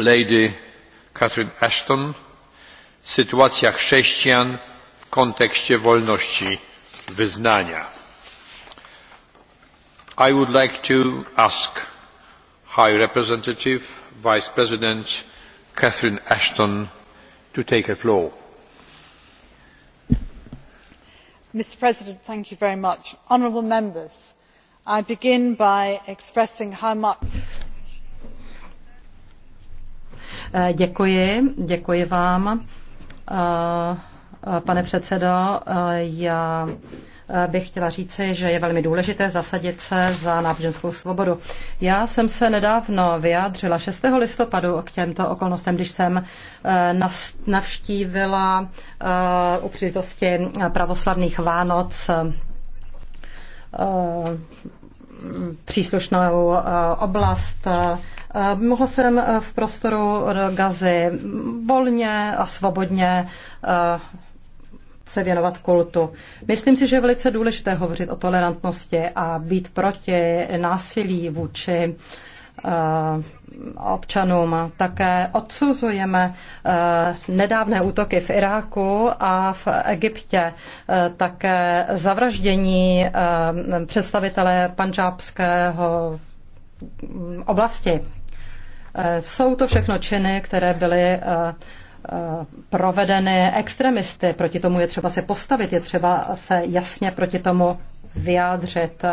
Lady Catherine Ashton Sytuacja chrześcijan w kontekście wolności wyznania. I would like to ask High Representative Vice President Catherine Ashton to take the floor. Mr. President, thank you very much. Honourable members, I begin by expressing how much Eh, děkuji, děkuji vám, eh, pane předsedo. Eh, já bych chtěla říci, že je velmi důležité zasadit se za náboženskou svobodu. Já jsem se nedávno vyjádřila 6. listopadu k těmto okolnostem, když jsem navštívila u příležitosti pravoslavných Vánoc příslušnou oblast Eh, mohla jsem eh, v prostoru Gazy volně a svobodně eh, se věnovat kultu. Myslím si, že je velice důležité hovořit o tolerantnosti a být proti násilí vůči občanům. Také odsuzujeme nedávné útoky v Iráku a v Egyptě, také zavraždění představitele panžábského oblasti. Eh, jsou to všechno činy, které byly eh, eh, provedeny extremisty. Proti tomu je třeba se postavit, je třeba se jasně proti tomu vyjádřit.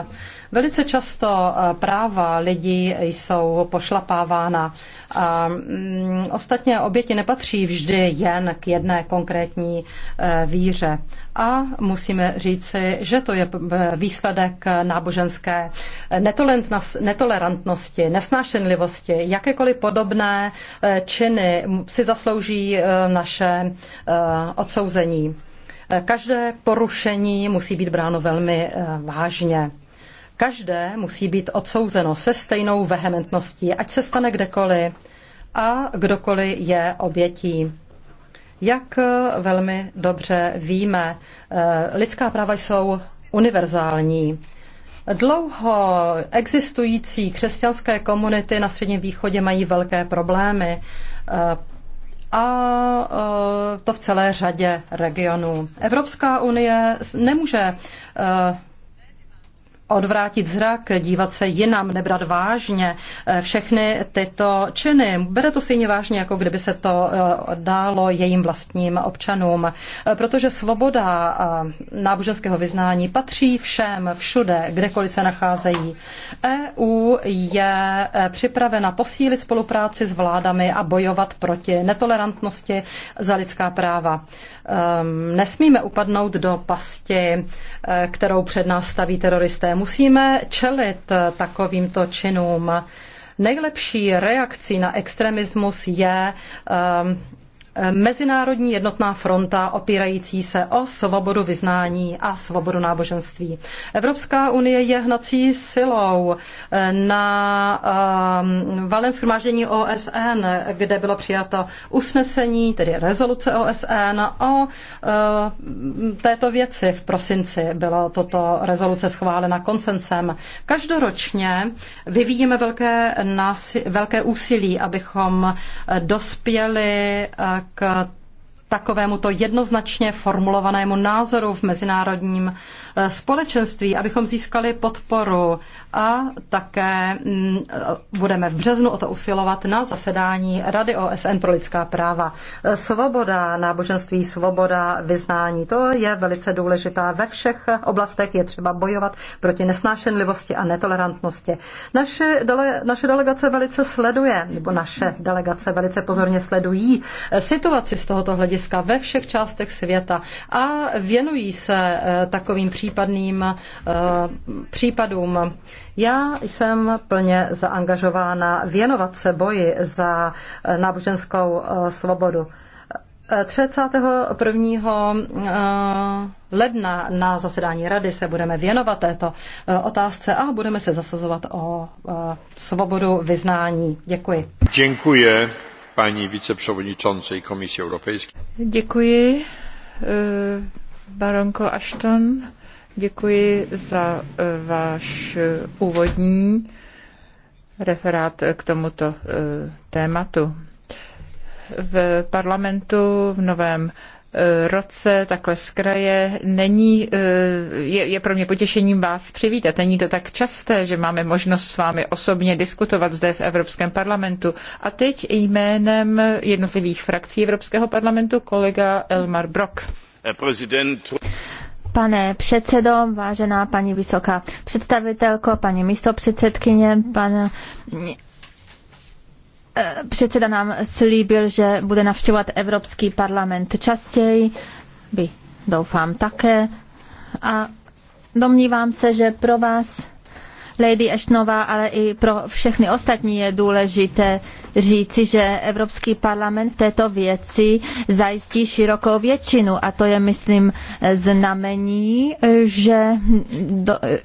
Velice často eh, práva lidí jsou pošlapávána. Eh, mm, ostatně oběti nepatří vždy jen k jedné konkrétní eh, víře. A musíme říci, že to je výsledek náboženské netolerantnosti, nesnášenlivosti. Jakékoliv podobné činy si zaslouží naše odsouzení. Každé porušení musí být bráno velmi eh, vážně. Každé musí být odsouzeno se stejnou vehementností, ať se stane kdekoliv a kdokoliv je obětí. Jak eh, velmi dobře víme, eh, lidská práva jsou univerzální. Dlouho existující křesťanské komunity na Středním východě mají velké problémy a e, to v celé řadě regionů. Evropská unie nemůže e, odvrátit zrak, dívat se jinam, nebrat vážně eh, všechny tyto činy. Bere to stejně vážně, jako kdyby se to eh, dálo jejím vlastním občanům. Eh, protože svoboda náboženského vyznání patří všem, všude, kdekoliv se nacházejí. EU je připravena posílit spolupráci s vládami a bojovat proti netolerantnosti za lidská práva. Ehm, nesmíme upadnout do pasti, kterou před nás staví teroristé musíme čelit takovýmto činům. Nejlepší reakcí na extremismus je um, mezinárodní jednotná fronta opírající se o svobodu vyznání a svobodu náboženství. Evropská unie je hnací silou na um, valném shromáždění OSN, kde bylo přijato usnesení, tedy rezoluce OSN o uh, této věci. V prosinci byla toto rezoluce schválena konsensem. Každoročně vyvíjíme velké, násil, velké úsilí, abychom dospěli uh, k takovému to jednoznačně formulovanému názoru v mezinárodním eh, společenství, abychom získali podporu a také mm, e, budeme v březnu o to usilovat na zasedání Rady OSN pro lidská práva. Svoboda náboženství, svoboda vyznání, to je velice důležitá. Ve všech oblastech je třeba bojovat proti nesnášenlivosti a netolerantnosti. Naše, dele, naše delegace velice sleduje, nebo naše delegace velice pozorně sledují e, situaci z tohoto hlediska ve všech částech světa a věnují se e, takovým případným případům já jsem plně zaangažována věnovat se boji za eh, náboženskou eh, svobodu. 31. Eh, ledna na zasedání rady se budeme věnovat této otázce a budeme se zasazovat o svobodu vyznání. Děkuji. Děkuji paní viceprzewodniczącej Komisji Europejskiej. Děkuji, baronko Ashton. Děkuji za eh, váš eh, úvodní referát k tomuto eh, tématu. V parlamentu v novém roce, takhle z kraje. Není, je, je pro mě potěšením vás přivítat. Není to tak časté, že máme možnost s vámi osobně diskutovat zde v Evropském parlamentu. A teď jménem jednotlivých frakcí Evropského parlamentu kolega Elmar Brok. Prezident... Pane předsedo, vážená paní vysoká představitelko, paní místopředsedkyně, pan eh, předseda nám slíbil, že bude navštěvovat Evropský parlament častěji, by doufám také. A domnívám se, že pro vás Lady Ashtonová, ale i pro všechny ostatní je důležité říci, že Evropský parlament v této věci zajistí širokou většinu a to je, myslím, znamení, že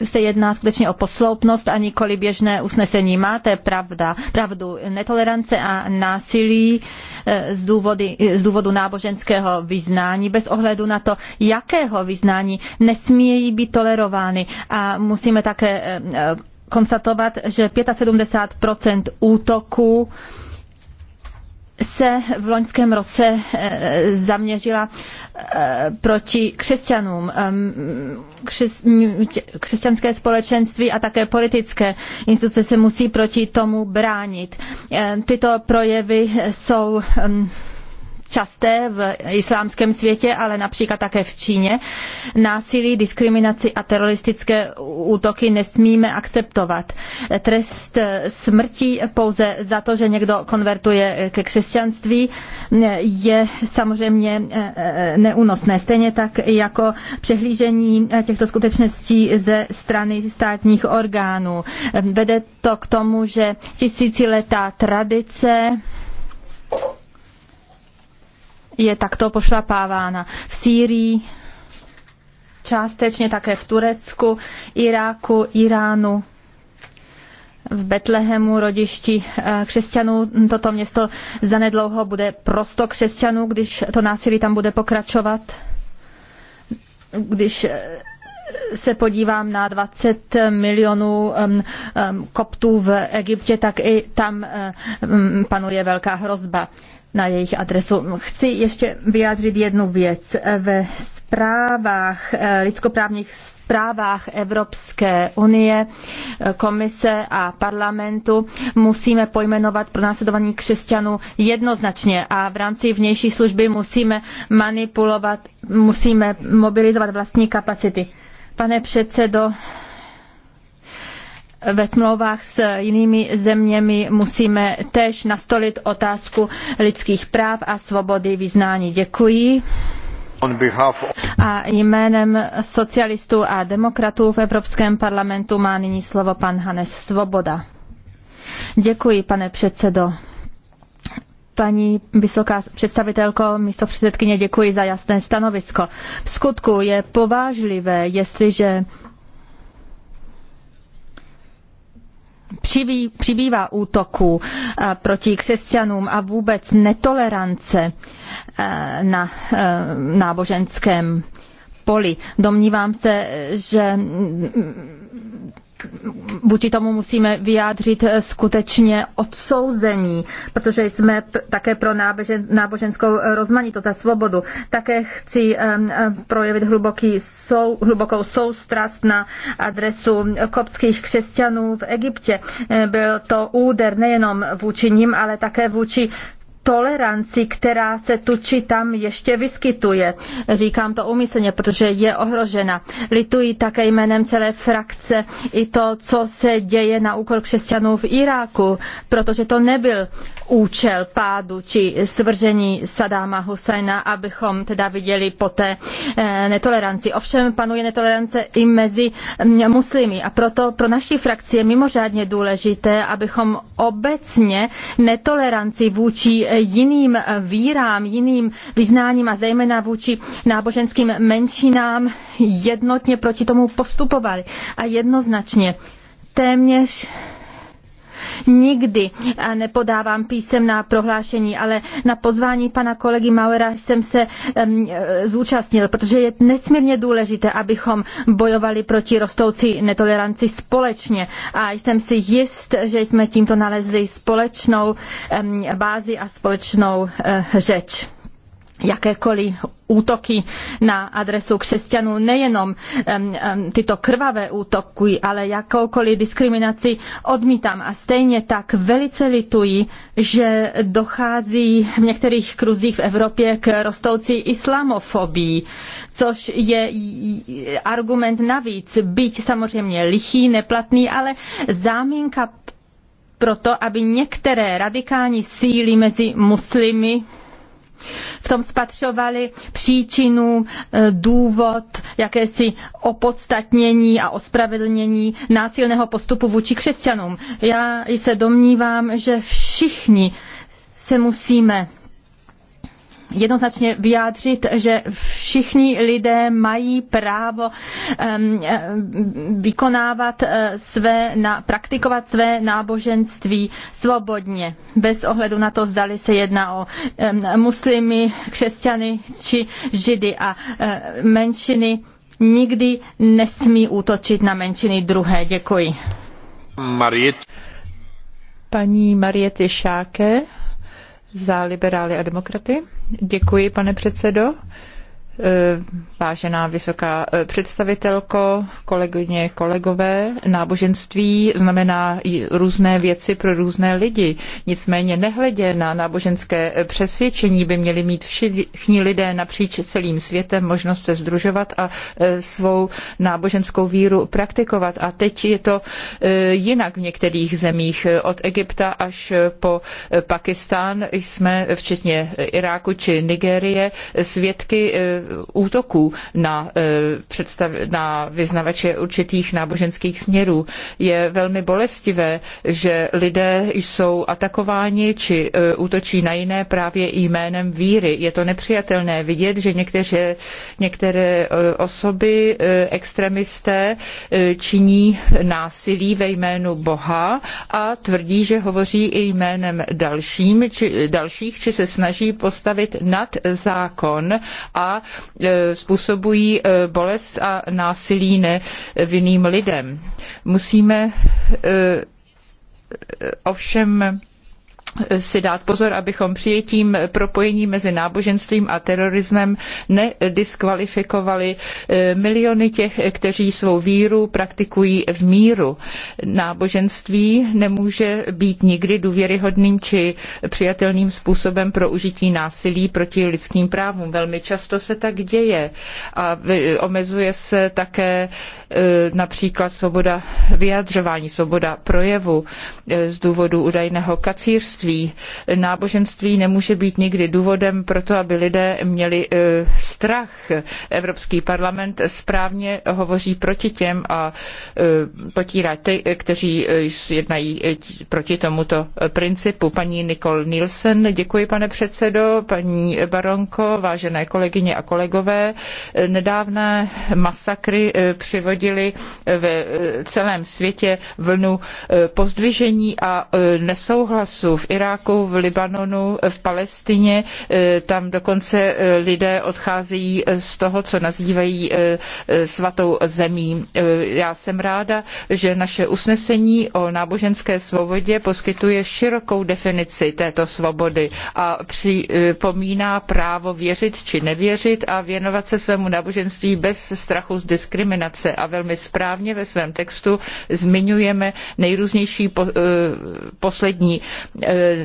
se jedná skutečně o posloupnost a nikoli běžné usnesení. Máte pravda, pravdu. Netolerance a násilí Eh, z, důvody, eh, z důvodu náboženského vyznání, bez ohledu na to, jakého vyznání, nesmějí být tolerovány. A musíme také eh, konstatovat, že 75 útoků se v loňském roce eh, zaměřila eh, proti křesťanům, ehm, křesťanské společenství a také politické instituce se musí proti tomu bránit. Ehm, tyto projevy jsou ehm, časté v islámském světě, ale například také v Číně. Násilí, diskriminaci a teroristické útoky nesmíme akceptovat. Trest smrti pouze za to, že někdo konvertuje ke křesťanství, je samozřejmě eh, eh, neúnosné. Stejně tak jako přehlížení těchto skutečností ze strany státních orgánů. Vede to k tomu, že tisíciletá tradice je takto pošlapávána. V Sýrii, částečně také v Turecku, Iráku, Iránu, v Betlehemu, rodišti eh, křesťanů. Toto město zanedlouho bude prosto křesťanů, když to násilí tam bude pokračovat. Když eh, se podívám na 20 milionů um, um, koptů v Egyptě, tak i tam um, panuje velká hrozba na jejich adresu. Chci ještě vyjádřit jednu věc. Ve zprávách, eh, lidskoprávních zprávách Evropské unie, eh, komise a parlamentu musíme pojmenovat pro následování křesťanů jednoznačně a v rámci vnější služby musíme manipulovat, musíme mobilizovat vlastní kapacity. Pane předsedo, ve smlouvách s jinými zeměmi musíme též nastolit otázku lidských práv a svobody vyznání. Děkuji. A jménem socialistů a demokratů v Evropském parlamentu má nyní slovo pan Hanes Svoboda. Děkuji, pane předsedo paní vysoká představitelko, místo předsedkyně, děkuji za jasné stanovisko. V skutku je povážlivé, jestliže přibývá útoků eh, proti křesťanům a vůbec netolerance eh, na eh, náboženském poli. Domnívám se, že vůči tomu musíme vyjádřit eh, skutečně odsouzení, protože jsme také pro náboženskou eh, rozmanitost a svobodu. Také chci eh, projevit hluboký sou, hlubokou soustrast na adresu kopských křesťanů v Egyptě. Byl to úder nejenom vůči nim, ale také vůči toleranci, která se tu či tam ještě vyskytuje. Říkám to umyslně, protože je ohrožena. Lituji také jménem celé frakce i to, co se děje na úkor křesťanů v Iráku, protože to nebyl účel pádu či svržení Sadáma Husajna, abychom teda viděli poté eh, netoleranci. Ovšem panuje netolerance i mezi mm, muslimy a proto pro naší frakci je mimořádně důležité, abychom obecně netoleranci vůči jiným vírám, jiným vyznáním a zejména vůči náboženským menšinám jednotně proti tomu postupovali a jednoznačně téměř nikdy nepodávám písemná prohlášení, ale na pozvání pana kolegy Mauera jsem se zúčastnil, protože je nesmírně důležité, abychom bojovali proti rostoucí netoleranci společně. A jsem si jist, že jsme tímto nalezli společnou bázi a společnou eh, řeč jakékoliv útoky na adresu křesťanů, nejenom um, um, tyto krvavé útoky, ale jakoukoliv diskriminaci odmítám. A stejně tak velice lituji, že dochází v některých kruzích v Evropě k rostoucí islamofobii, což je argument navíc, byť samozřejmě lichý, neplatný, ale záminka proto, aby některé radikální síly mezi muslimy v tom spatřovali příčinu, e, důvod, jakési opodstatnění a ospravedlnění násilného postupu vůči křesťanům. Já se domnívám, že všichni se musíme jednoznačně vyjádřit, že všichni lidé mají právo vykonávat eh, své, praktikovat své náboženství svobodně, bez ohledu na to, zdali se jedná o muslimy, křesťany či židy a eh, menšiny nikdy nesmí útočit na menšiny druhé. Děkuji. Mariet. Paní Mariety Šáke za liberály a demokraty. Děkuji, pane předsedo. Eh, vážená vysoká eh, představitelko, kolegyně, kolegové, náboženství znamená i různé věci pro různé lidi. Nicméně nehledě na náboženské eh, přesvědčení by měli mít všichni lidé napříč celým světem možnost se združovat a svou náboženskou víru praktikovat. A teď je to jinak v některých zemích. Od Egypta až po Pakistán jsme, včetně Iráku či Nigérie, svědky útoků na, eh, představ, na vyznavače určitých náboženských směrů. Je velmi bolestivé, že lidé jsou atakováni či eh, útočí na jiné právě jménem víry. Je to nepřijatelné vidět, že některé, některé eh, osoby, extremisté, činí násilí ve jménu Boha a tvrdí, že hovoří i jménem dalším, či, dalších, či se snaží postavit nad zákon a Eh, způsobují eh, bolest a násilí nevinným lidem. Musíme eh, ovšem si dát pozor, abychom přijetím propojení mezi náboženstvím a terorismem nediskvalifikovali eh, miliony těch, kteří svou víru praktikují v míru. Náboženství nemůže být nikdy důvěryhodným či přijatelným způsobem pro užití násilí proti lidským právům. Velmi často se tak děje a omezuje se také E, například svoboda vyjadřování, svoboda projevu e, z důvodu údajného kacírství. Náboženství nemůže být nikdy důvodem pro to, aby lidé měli e, strach. Evropský parlament správně hovoří proti těm a potírá ty, kteří jednají proti tomuto principu. Paní Nicole Nielsen, děkuji pane předsedo, paní Baronko, vážené kolegyně a kolegové. Nedávné masakry přivodí vyrodily v eh, celém světě vlnu eh, pozdvižení a eh, nesouhlasu v Iráku, v Libanonu, v Palestině. Tam dokonce lidé odcházejí z toho, co nazývají svatou zemí. Já jsem ráda, že naše usnesení o náboženské svobodě poskytuje širokou definici této svobody a připomíná právo věřit či nevěřit a věnovat se svému náboženství bez strachu z diskriminace a velmi správně ve svém textu zmiňujeme nejrůznější po, eh, poslední eh,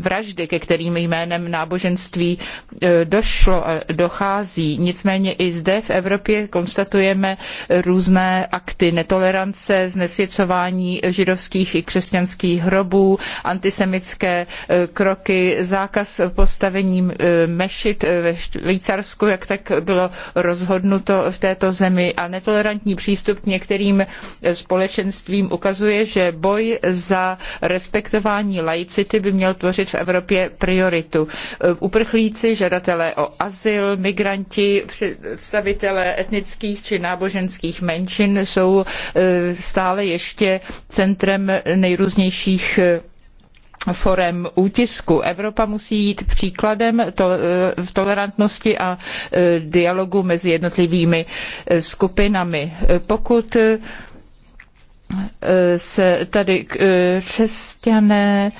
vraždy, ke kterým jménem náboženství eh, došlo a dochází. Nicméně i zde v Evropě konstatujeme různé akty netolerance, znesvěcování židovských i křesťanských hrobů, antisemické kroky, zákaz postavení mešit ve Švýcarsku, jak tak bylo rozhodnuto v této zemi a netolerance tolerantní přístup k některým společenstvím ukazuje, že boj za respektování laicity by měl tvořit v Evropě prioritu. Uprchlíci, žadatelé o azyl, migranti, představitelé etnických či náboženských menšin jsou eh, stále ještě centrem nejrůznějších eh, forem útisku. Evropa musí jít příkladem eh, v tolerantnosti a eh, dialogu mezi jednotlivými eh, skupinami. Pokud se tady křesťané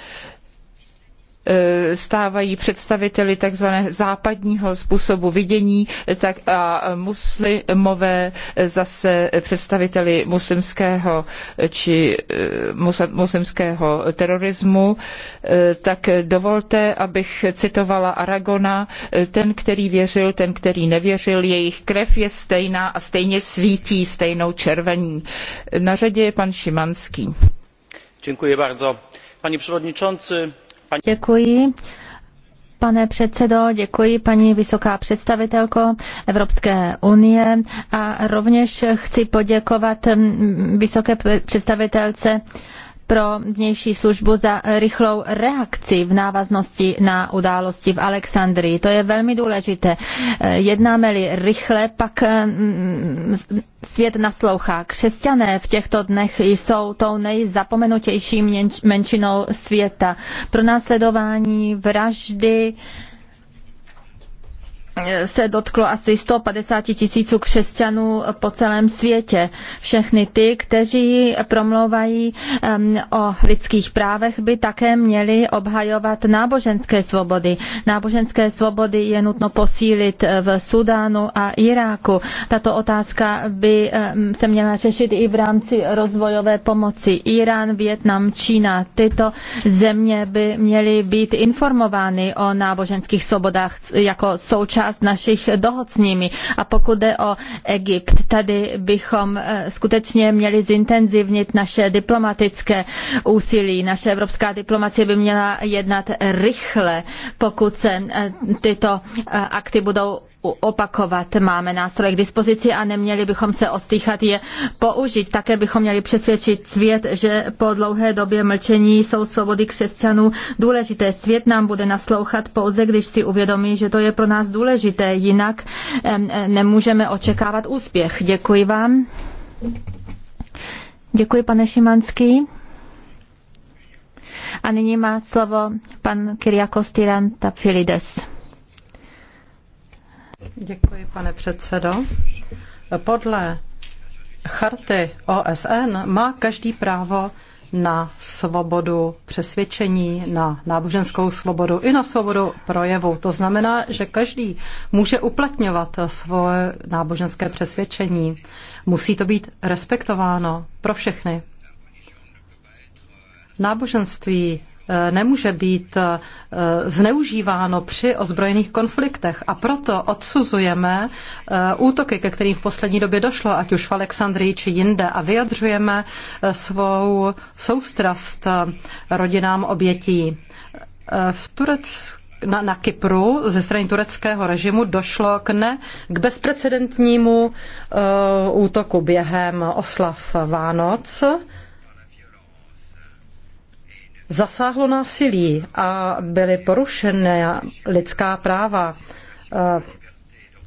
Eh, stávají představiteli tzv. západního způsobu vidění tak a muslimové zase představiteli muslimského či eh, muslimského terorismu, eh, tak dovolte, abych citovala Aragona, ten, který věřil, ten, který nevěřil, jejich krev je stejná a stejně svítí stejnou červení. Na řadě je pan Šimanský. Dziękuję bardzo. Panie Przewodniczący, Děkuji. Pane předsedo, děkuji paní vysoká představitelko Evropské unie a rovněž chci poděkovat mm, vysoké představitelce pro vnější službu za rychlou reakci v návaznosti na události v Alexandrii. To je velmi důležité. Jednáme-li rychle, pak mm, svět naslouchá. Křesťané v těchto dnech jsou tou nejzapomenutější menšinou světa. Pro následování vraždy, se dotklo asi 150 tisíců křesťanů po celém světě. Všechny ty, kteří promlouvají um, o lidských právech, by také měli obhajovat náboženské svobody. Náboženské svobody je nutno posílit v Sudánu a Iráku. Tato otázka by um, se měla řešit i v rámci rozvojové pomoci. Irán, Vietnam, Čína, tyto země by měly být informovány o náboženských svobodách jako součást část našich dohod s nimi. A pokud jde o Egypt, tady bychom eh, skutečně měli zintenzivnit naše diplomatické úsilí. Naše evropská diplomacie by měla jednat rychle, pokud se eh, tyto eh, akty budou opakovat. Máme nástroje k dispozici a neměli bychom se ostýchat je použít. Také bychom měli přesvědčit svět, že po dlouhé době mlčení jsou svobody křesťanů důležité. Svět nám bude naslouchat pouze, když si uvědomí, že to je pro nás důležité. Jinak nemůžeme očekávat úspěch. Děkuji vám. Děkuji, pane Šimanský. A nyní má slovo pan Kyriakos Tyrantafilides. Tapfilides. Děkuji, pane předsedo. Podle charty OSN má každý právo na svobodu přesvědčení, na náboženskou svobodu i na svobodu projevu. To znamená, že každý může uplatňovat svoje náboženské přesvědčení. Musí to být respektováno pro všechny. Náboženství Eh, nemůže být eh, zneužíváno při ozbrojených konfliktech. A proto odsuzujeme eh, útoky, ke kterým v poslední době došlo, ať už v Alexandrii či jinde, a vyjadřujeme svou soustrast rodinám obětí. V Turecku na, na Kypru ze strany tureckého režimu došlo k ne k bezprecedentnímu uh, útoku během oslav Vánoc zasáhlo násilí a byly porušeny lidská práva eh,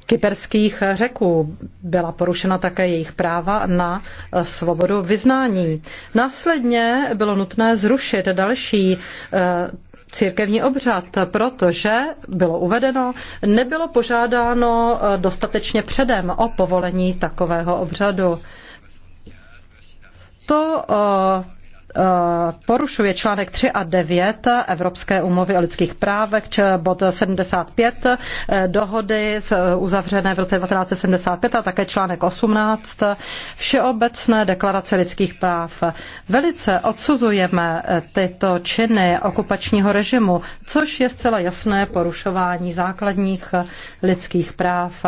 kyperských řeků. Byla porušena také jejich práva na eh, svobodu vyznání. Následně bylo nutné zrušit další eh, církevní obřad, protože bylo uvedeno, nebylo požádáno dostatečně předem o povolení takového obřadu. To Eh, porušuje článek 3 a 9 Evropské úmluvy o lidských právech, bod 75 eh, dohody eh, uzavřené v roce 1975 a také článek 18 Všeobecné deklarace lidských práv. Velice odsuzujeme tyto činy okupačního režimu, což je zcela jasné porušování základních lidských práv.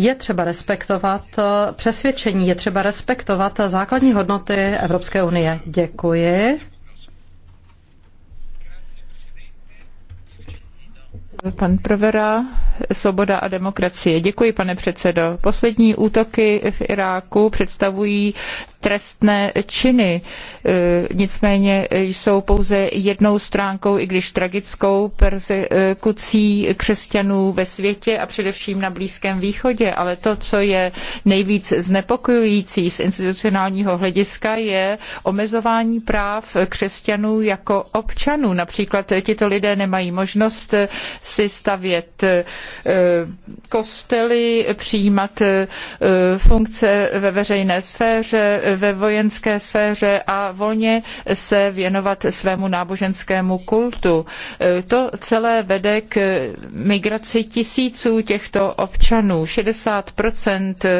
Je třeba respektovat eh, přesvědčení, je třeba respektovat základní hodnoty Evropské unie. Děkuji. Pan Provera, Svoboda a demokracie. Děkuji, pane předsedo. Poslední útoky v Iráku představují trestné činy. E, nicméně jsou pouze jednou stránkou, i když tragickou, persekucí křesťanů ve světě a především na Blízkém východě. Ale to, co je nejvíc znepokojující z institucionálního hlediska, je omezování práv křesťanů jako občanů. Například tito lidé nemají možnost si stavět e, kostely, přijímat e, funkce ve veřejné sféře, ve vojenské sféře a volně se věnovat svému náboženskému kultu. E, to celé vede k migraci tisíců těchto občanů. 60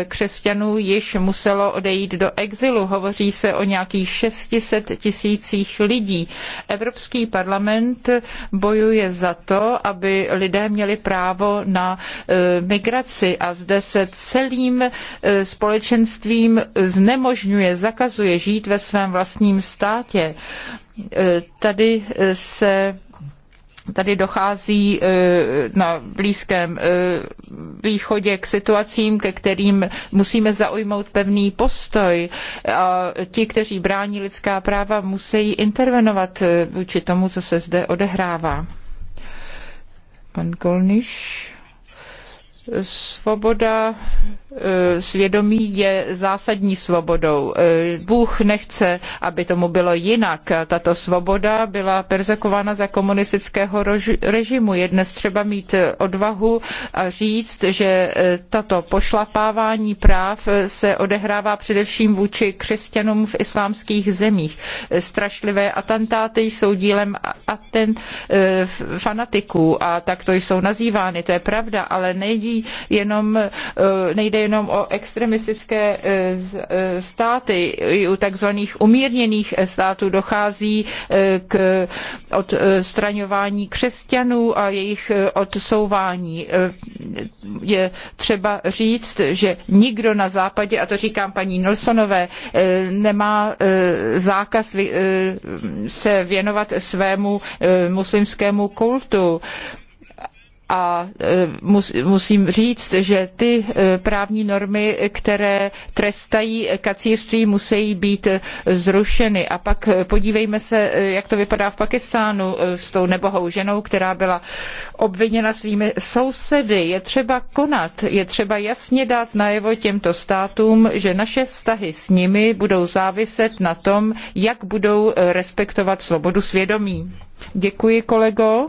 křesťanů již muselo odejít do exilu. Hovoří se o nějakých 600 tisících lidí. Evropský parlament bojuje za to, aby lidé měli právo na e, migraci a zde se celým e, společenstvím znemožňuje znemožňuje, zakazuje žít ve svém vlastním státě. E, tady se tady dochází e, na Blízkém e, východě k situacím, ke kterým musíme zaujmout pevný postoj a ti, kteří brání lidská práva, musí intervenovat vůči tomu, co se zde odehrává. Pan Kolniš. Svoboda e, svědomí je zásadní svobodou. E, Bůh nechce, aby tomu bylo jinak. Tato svoboda byla persekována za komunistického režimu. Je dnes třeba mít odvahu a říct, že e, tato pošlapávání práv se odehrává především vůči křesťanům v islámských zemích. Strašlivé atentáty jsou dílem atent, fanatiků a takto jsou nazývány, to je pravda, ale nejdí jenom, eh, nejde jenom o extremistické eh, eh, státy. I u takzvaných umírněných států dochází k odstraňování křesťanů a jejich odsouvání. Je třeba říct, že nikdo na západě, a to říkám paní Nelsonové, nemá zákaz se věnovat svému muslimskému kultu a e, musím říct, že ty e, právní normy, které trestají kacírství, musí být zrušeny. A pak e, podívejme se, jak to vypadá v Pakistánu s tou nebohou ženou, která byla obviněna svými sousedy. Je třeba konat, je třeba jasně dát najevo těmto státům, že naše vztahy s nimi budou záviset na tom, jak budou respektovat svobodu svědomí. Děkuji, kolego.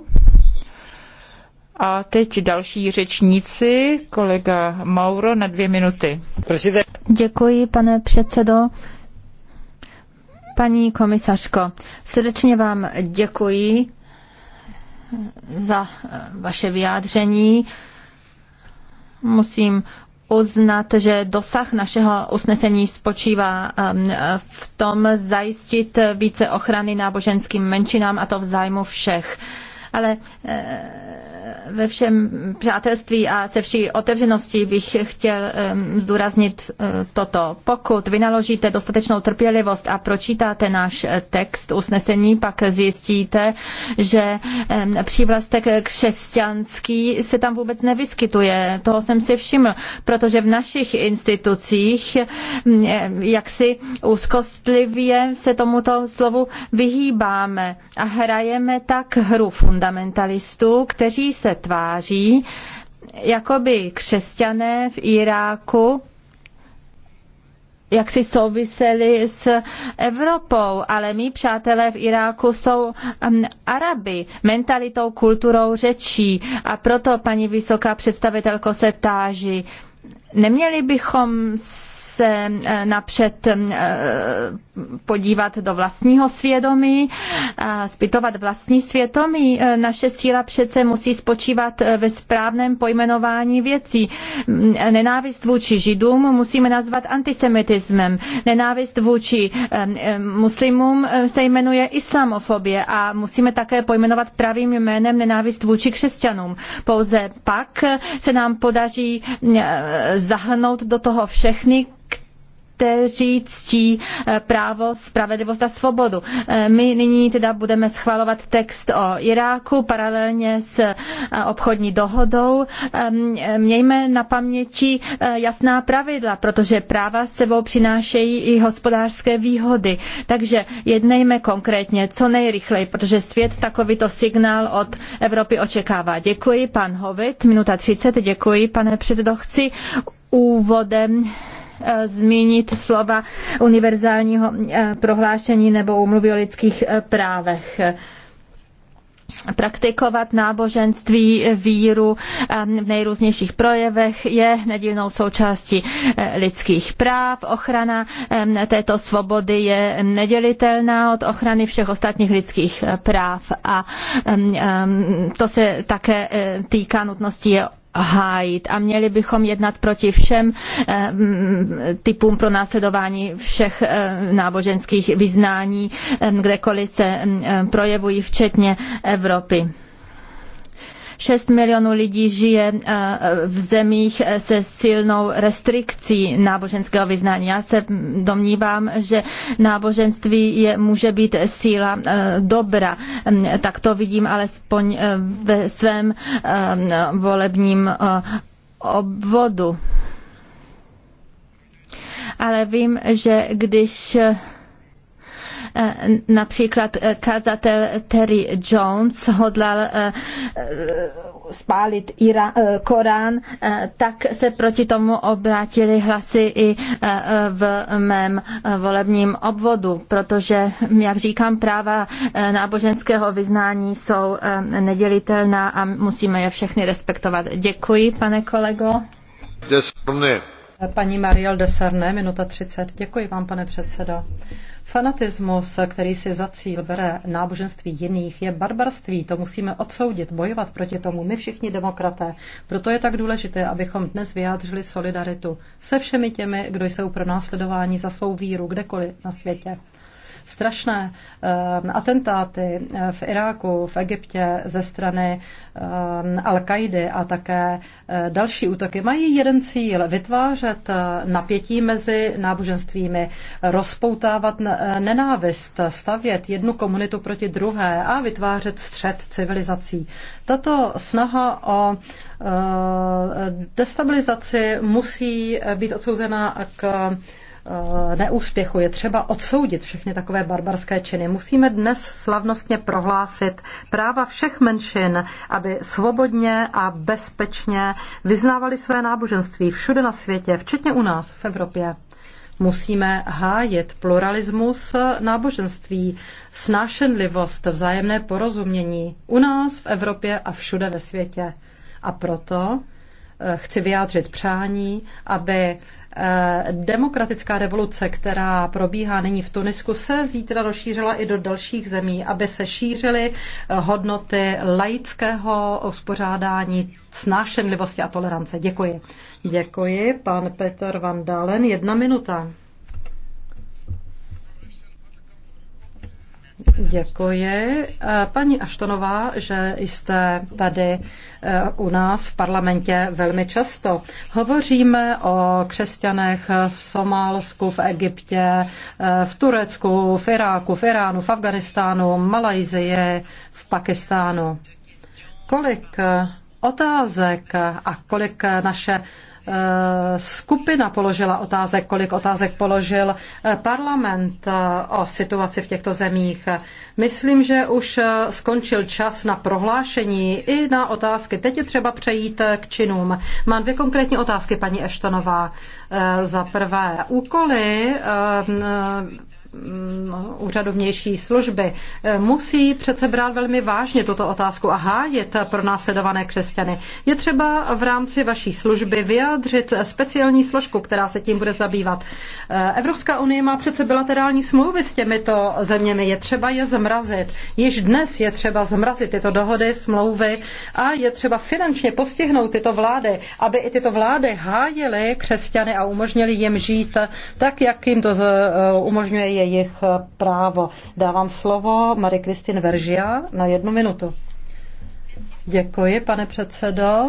A teď další řečníci, kolega Mauro na dvě minuty. Prezident. Děkuji, pane předsedo. Paní komisařko, srdečně vám děkuji za vaše vyjádření. Musím uznat, že dosah našeho usnesení spočívá um, v tom zajistit více ochrany náboženským menšinám a to v zájmu všech. Ale eh, ve všem přátelství a se vší otevřeností bych chtěl zdůraznit eh, toto. Pokud vynaložíte dostatečnou trpělivost a pročítáte náš eh, text usnesení, pak zjistíte, že přívlastek křesťanský se tam vůbec nevyskytuje. Toho jsem si všiml, protože v našich institucích jaksi úzkostlivě se tomuto slovu vyhýbáme a hrajeme tak hru fundamentalistů, kteří se tváří, jako by křesťané v Iráku jak si souviseli s Evropou, ale my přátelé v Iráku jsou um, Araby, mentalitou, kulturou, řečí a proto, paní vysoká představitelko, se táži, neměli bychom se eh, napřed eh, podívat do vlastního svědomí, zpytovat vlastní svědomí. Eh, naše síla přece musí spočívat ve správném pojmenování věcí. Mm, nenávist vůči židům musíme nazvat antisemitismem. Nenávist vůči muslimům se jmenuje islamofobie a musíme také pojmenovat pravým jménem nenávist vůči křesťanům. Pouze pak se nám podaří zahrnout do toho všechny, kteří ctí eh, právo, spravedlivost a svobodu. Eh, my nyní teda budeme schvalovat text o Iráku paralelně s eh, obchodní dohodou. Ehm, mějme na paměti jasná pravidla, protože práva sebou přinášejí i hospodářské výhody. Takže jednejme konkrétně, co nejrychleji, protože svět takovýto signál od Evropy očekává. Děkuji, pan Hovit, minuta 30, děkuji, pane předsedo. úvodem Eh, zmínit slova univerzálního eh, prohlášení nebo umluvy o lidských eh, právech praktikovat náboženství, víru v nejrůznějších projevech je nedílnou součástí lidských práv. Ochrana této svobody je nedělitelná od ochrany všech ostatních lidských práv a to se také týká nutnosti je hájit a měli bychom jednat proti všem eh, mm, typům pro následování všech eh, náboženských vyznání, eh, kdekoliv se mm, projevují, včetně Evropy. 6 milionů lidí žije eh, v zemích se silnou restrikcí náboženského vyznání. Já se domnívám, že náboženství je, může být síla eh, dobra. Mm, tak to vidím alespoň eh, ve svém volebním obvodu. Ale vím, že když Eh, například eh, kazatel Terry Jones hodlal eh, spálit Ira, Korán, tak se proti tomu obrátili hlasy i v mém volebním obvodu, protože, jak říkám, práva náboženského vyznání jsou nedělitelná a musíme je všechny respektovat. Děkuji, pane kolego. Desarne. Paní Mariel Desarne, minuta 30. Děkuji vám, pane předsedo. Fanatismus, který si za cíl bere náboženství jiných, je barbarství. To musíme odsoudit, bojovat proti tomu my všichni demokraté. Proto je tak důležité, abychom dnes vyjádřili solidaritu se všemi těmi, kdo jsou pro následování za svou víru kdekoliv na světě strašné eh, atentáty eh, v Iráku, v Egyptě ze strany eh, Al-Kaidy a také další útoky mají jeden cíl vytvářet napětí mezi náboženstvími, rozpoutávat nenávist, stavět jednu komunitu proti druhé a vytvářet střed civilizací. Tato snaha o destabilizaci musí být odsouzená k Eh, neúspěchu. Je třeba odsoudit všechny takové barbarské činy. Musíme dnes slavnostně prohlásit práva všech menšin, aby svobodně a bezpečně vyznávali své náboženství všude na světě, včetně u nás v Evropě. Musíme hájit pluralismus náboženství, snášenlivost, vzájemné porozumění u nás v Evropě a všude ve světě. A proto eh, chci vyjádřit přání, aby Eh, demokratická revoluce, která probíhá nyní v Tunisku, se zítra rozšířila i do dalších zemí, aby se šířily eh, hodnoty laického uspořádání snášenlivosti a tolerance. Děkuji. Děkuji, pan Petr Van Dalen. Jedna minuta. Děkuji. Eh, paní Aštonová, že jste tady eh, u nás v parlamentě velmi často. Hovoříme o křesťanech v Somálsku, v Egyptě, eh, v Turecku, v Iráku, v Iránu, v Afganistánu, Malajzii, v Pakistánu. Kolik otázek a kolik naše Eh, skupina položila otázek, kolik otázek položil eh, parlament eh, o situaci v těchto zemích. Myslím, že už skončil čas na prohlášení i na otázky. Teď je třeba přejít k činům. Mám dvě konkrétní otázky, paní Eštonová. Za prvé, úkoly Mm, úřadovnější služby, eh, musí přece brát velmi vážně tuto otázku a hájit pro následované křesťany. Je třeba v rámci vaší služby vyjádřit speciální složku, která se tím bude zabývat. Eh, Evropská unie má přece bilaterální smlouvy s těmito zeměmi, je třeba je zmrazit. Již dnes je třeba zmrazit tyto dohody, smlouvy a je třeba finančně postihnout tyto vlády, aby i tyto vlády hájily křesťany a umožnili jim žít tak, jak jim to eh, umožňuje jejich eh, právo. Dávám slovo Marie christine Veržia na jednu minutu. Děkuji, pane předsedo.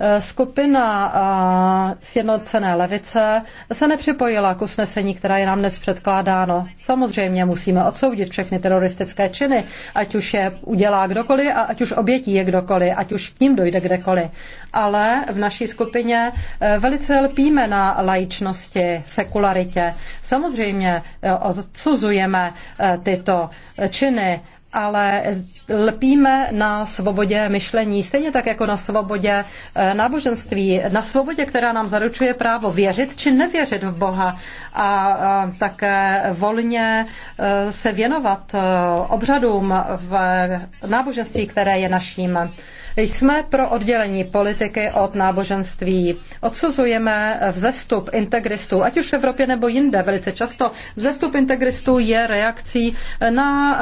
Eh, skupina eh, sjednocené levice se nepřipojila k usnesení, která je nám dnes předkládáno. Samozřejmě musíme odsoudit všechny teroristické činy, ať už je udělá kdokoliv a ať už obětí je kdokoliv, ať už k ním dojde kdekoliv. Ale v naší skupině eh, velice lpíme na laičnosti, sekularitě. Samozřejmě odsuzujeme tyto činy, ale lpíme na svobodě myšlení, stejně tak jako na svobodě eh, náboženství, na svobodě, která nám zaručuje právo věřit či nevěřit v Boha a také volně eh, se věnovat eh, obřadům v náboženství, které je naším. Jsme pro oddělení politiky od náboženství. Odsuzujeme vzestup integristů, ať už v Evropě nebo jinde. Velice často vzestup integristů je reakcí na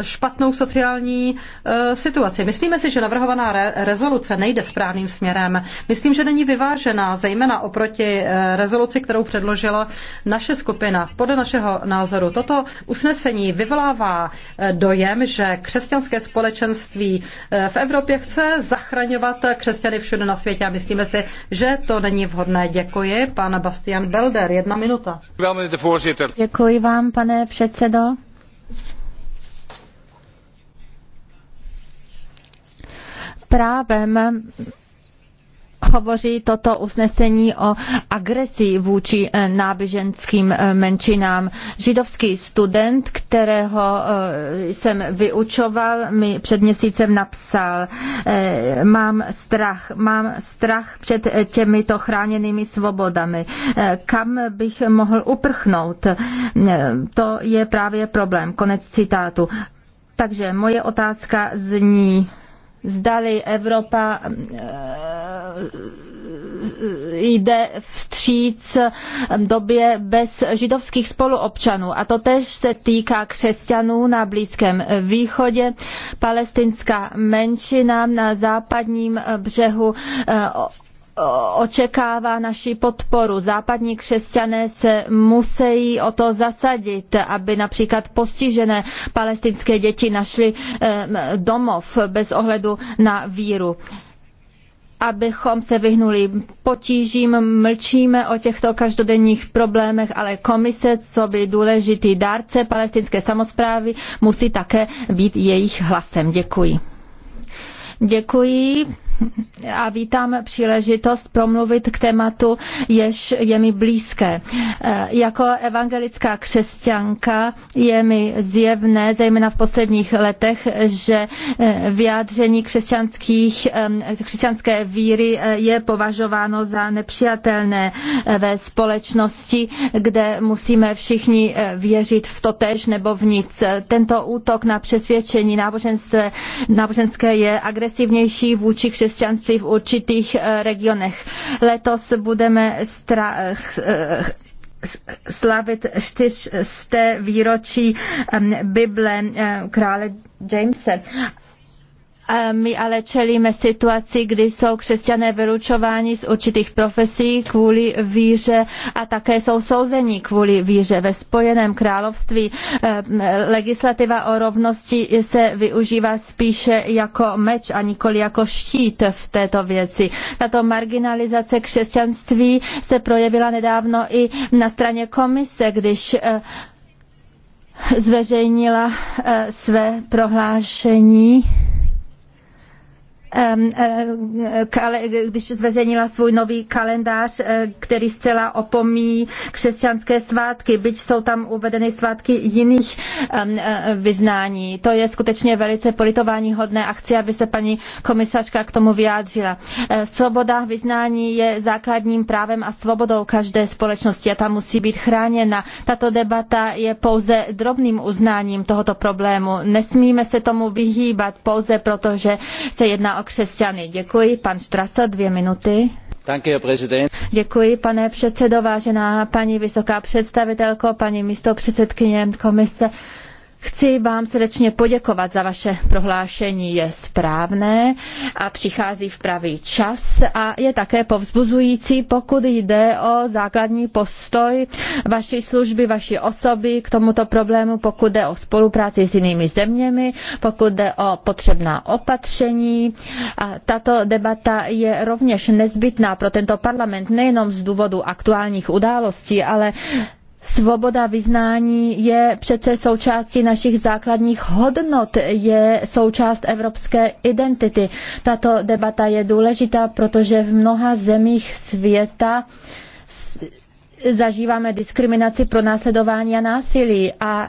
špatnou sociální aktuální eh, situaci. Myslíme si, že navrhovaná rezoluce nejde správným směrem. Myslím, že není vyvážená, zejména oproti eh, rezoluci, kterou předložila naše skupina. Podle našeho názoru toto usnesení vyvolává eh, dojem, že křesťanské společenství v Evropě chce zachraňovat křesťany všude na světě a myslíme si, že to není vhodné. Děkuji, pan Bastian Belder. Jedna minuta. Děkuji vám, pane předsedo. právem hovoří toto usnesení o agresi vůči eh, náboženským eh, menšinám. Židovský student, kterého eh, jsem vyučoval, mi před měsícem napsal, mám strach, mám strach před těmito chráněnými svobodami. Kam bych mohl uprchnout? To je právě problém. Konec citátu. Takže moje otázka zní, zdali Evropa eh, jde vstříc eh, době bez židovských spoluobčanů. A to tež se týká křesťanů na Blízkém východě, palestinská menšina na západním břehu eh, očekává naši podporu. Západní křesťané se musí o to zasadit, aby například postižené palestinské děti našly domov bez ohledu na víru abychom se vyhnuli potížím, mlčíme o těchto každodenních problémech, ale komise, co by důležitý dárce palestinské samozprávy, musí také být jejich hlasem. Děkuji. Děkuji a vítám příležitost promluvit k tématu, jež je mi blízké. E, jako evangelická křesťanka je mi zjevné, zejména v posledních letech, že e, vyjádření křesťanských, e, křesťanské víry je považováno za nepřijatelné ve společnosti, kde musíme všichni věřit v totež nebo v nic. Tento útok na přesvědčení náboženské je agresivnější vůči křesťanské křesťanství v určitých eh, regionech. Letos budeme eh, eh, slavit 400. výročí ehm, Bible krále Jamese. My ale čelíme situaci, kdy jsou křesťané vylučováni z určitých profesí kvůli víře a také jsou souzeni kvůli víře. Ve Spojeném království e, legislativa o rovnosti se využívá spíše jako meč a nikoli jako štít v této věci. Tato marginalizace křesťanství se projevila nedávno i na straně komise, když e, zveřejnila e, své prohlášení Ehm, eh, když zveřejnila svůj nový kalendář, eh, který zcela opomíjí křesťanské svátky, byť jsou tam uvedeny svátky jiných ehm, eh, vyznání. To je skutečně velice politování hodné a chci, aby se paní komisařka k tomu vyjádřila. Svoboda vyznání je základním právem a svobodou každé společnosti a ta musí být chráněna. Tato debata je pouze drobným uznáním tohoto problému. Nesmíme se tomu vyhýbat pouze proto, že se jedná o křesťany. Děkuji, pan Štraso, dvě minuty. Děkuji, pane předsedo, vážená paní vysoká představitelko, paní místopředsedkyně komise. Chci vám srdečně poděkovat za vaše prohlášení, je správné a přichází v pravý čas a je také povzbuzující, pokud jde o základní postoj vaší služby, vaší osoby k tomuto problému, pokud jde o spolupráci s jinými zeměmi, pokud jde o potřebná opatření. A tato debata je rovněž nezbytná pro tento parlament nejenom z důvodu aktuálních událostí, ale Svoboda vyznání je přece součástí našich základních hodnot, je součást evropské identity. Tato debata je důležitá, protože v mnoha zemích světa zažíváme diskriminaci pro následování a násilí a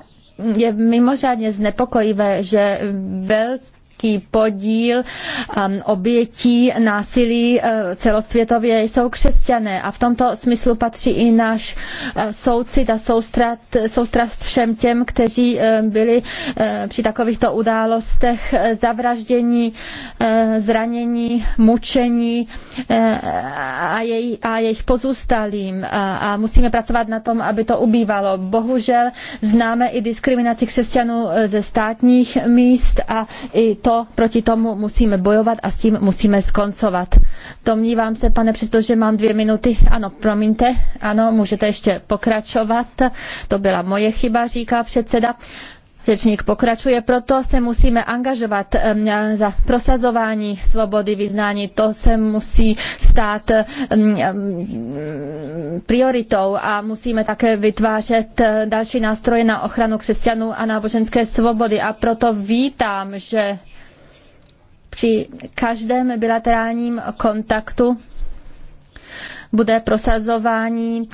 je mimořádně znepokojivé, že velký velký podíl um, obětí násilí uh, celosvětově jsou křesťané a v tomto smyslu patří i náš uh, soucit a soustrat, soustrast všem těm, kteří uh, byli při takovýchto událostech zavraždění, zranění, mučení a, jej, a jejich pozůstalým a musíme pracovat na tom, aby to ubývalo. Bohužel známe i diskriminaci křesťanů ze státních míst a i to to, proti tomu musíme bojovat a s tím musíme skoncovat. Domnívám se, pane předsedo, že mám dvě minuty. Ano, promiňte, ano, můžete ještě pokračovat. To byla moje chyba, říká předseda. Řečník pokračuje, proto se musíme angažovat ehm, za prosazování svobody vyznání. To se musí stát ehm, ehm, prioritou a musíme také vytvářet eh, další nástroje na ochranu křesťanů a náboženské svobody. A proto vítám, že při každém bilaterálním kontaktu bude prosazování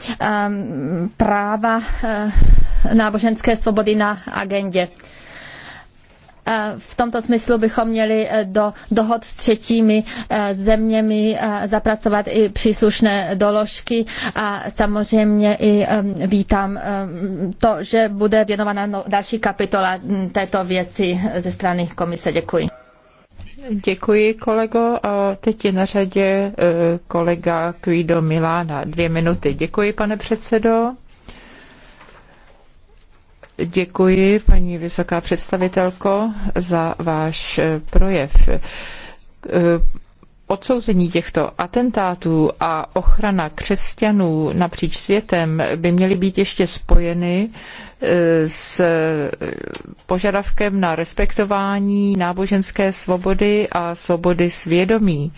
práva eh, náboženské svobody na agendě. Eh, v tomto smyslu bychom měli eh, do dohod s třetími eh, zeměmi zapracovat i příslušné doložky a samozřejmě i ehm, vítám ehm, to, že bude věnována no, další kapitola hm, této věci ze strany komise. Děkuji. Děkuji, kolego. A teď je na řadě kolega Guido Milána. Dvě minuty. Děkuji, pane předsedo. Děkuji, paní vysoká představitelko, za váš eh, projev eh, odsouzení těchto atentátů a ochrana křesťanů napříč světem by měly být ještě spojeny eh, s požadavkem na respektování náboženské svobody a svobody svědomí.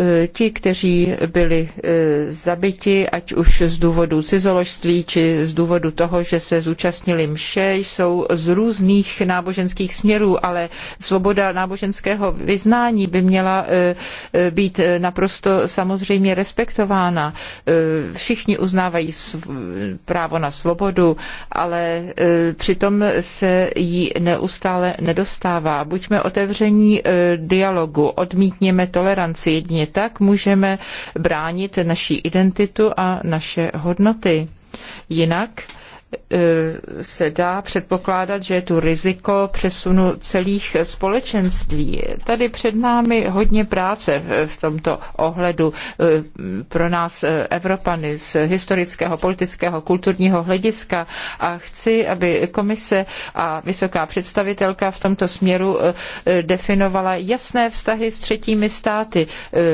E, ti, kteří byli e, zabiti, ať už z důvodu cizoložství, či z důvodu toho, že se zúčastnili mše, jsou z různých náboženských směrů, ale svoboda náboženského vyznání by měla e, být naprosto samozřejmě respektována. Všichni uznávají právo na svobodu, ale přitom se jí neustále nedostává. Buďme otevření dialogu, odmítněme toleranci jedině Jedině tak můžeme bránit naší identitu a naše hodnoty. Jinak E, se dá předpokládat, že je tu riziko přesunu celých společenství. Tady před námi hodně práce v tomto ohledu e, pro nás e, Evropany z historického, politického, kulturního hlediska a chci, aby komise a vysoká představitelka v tomto směru definovala jasné vztahy s třetími státy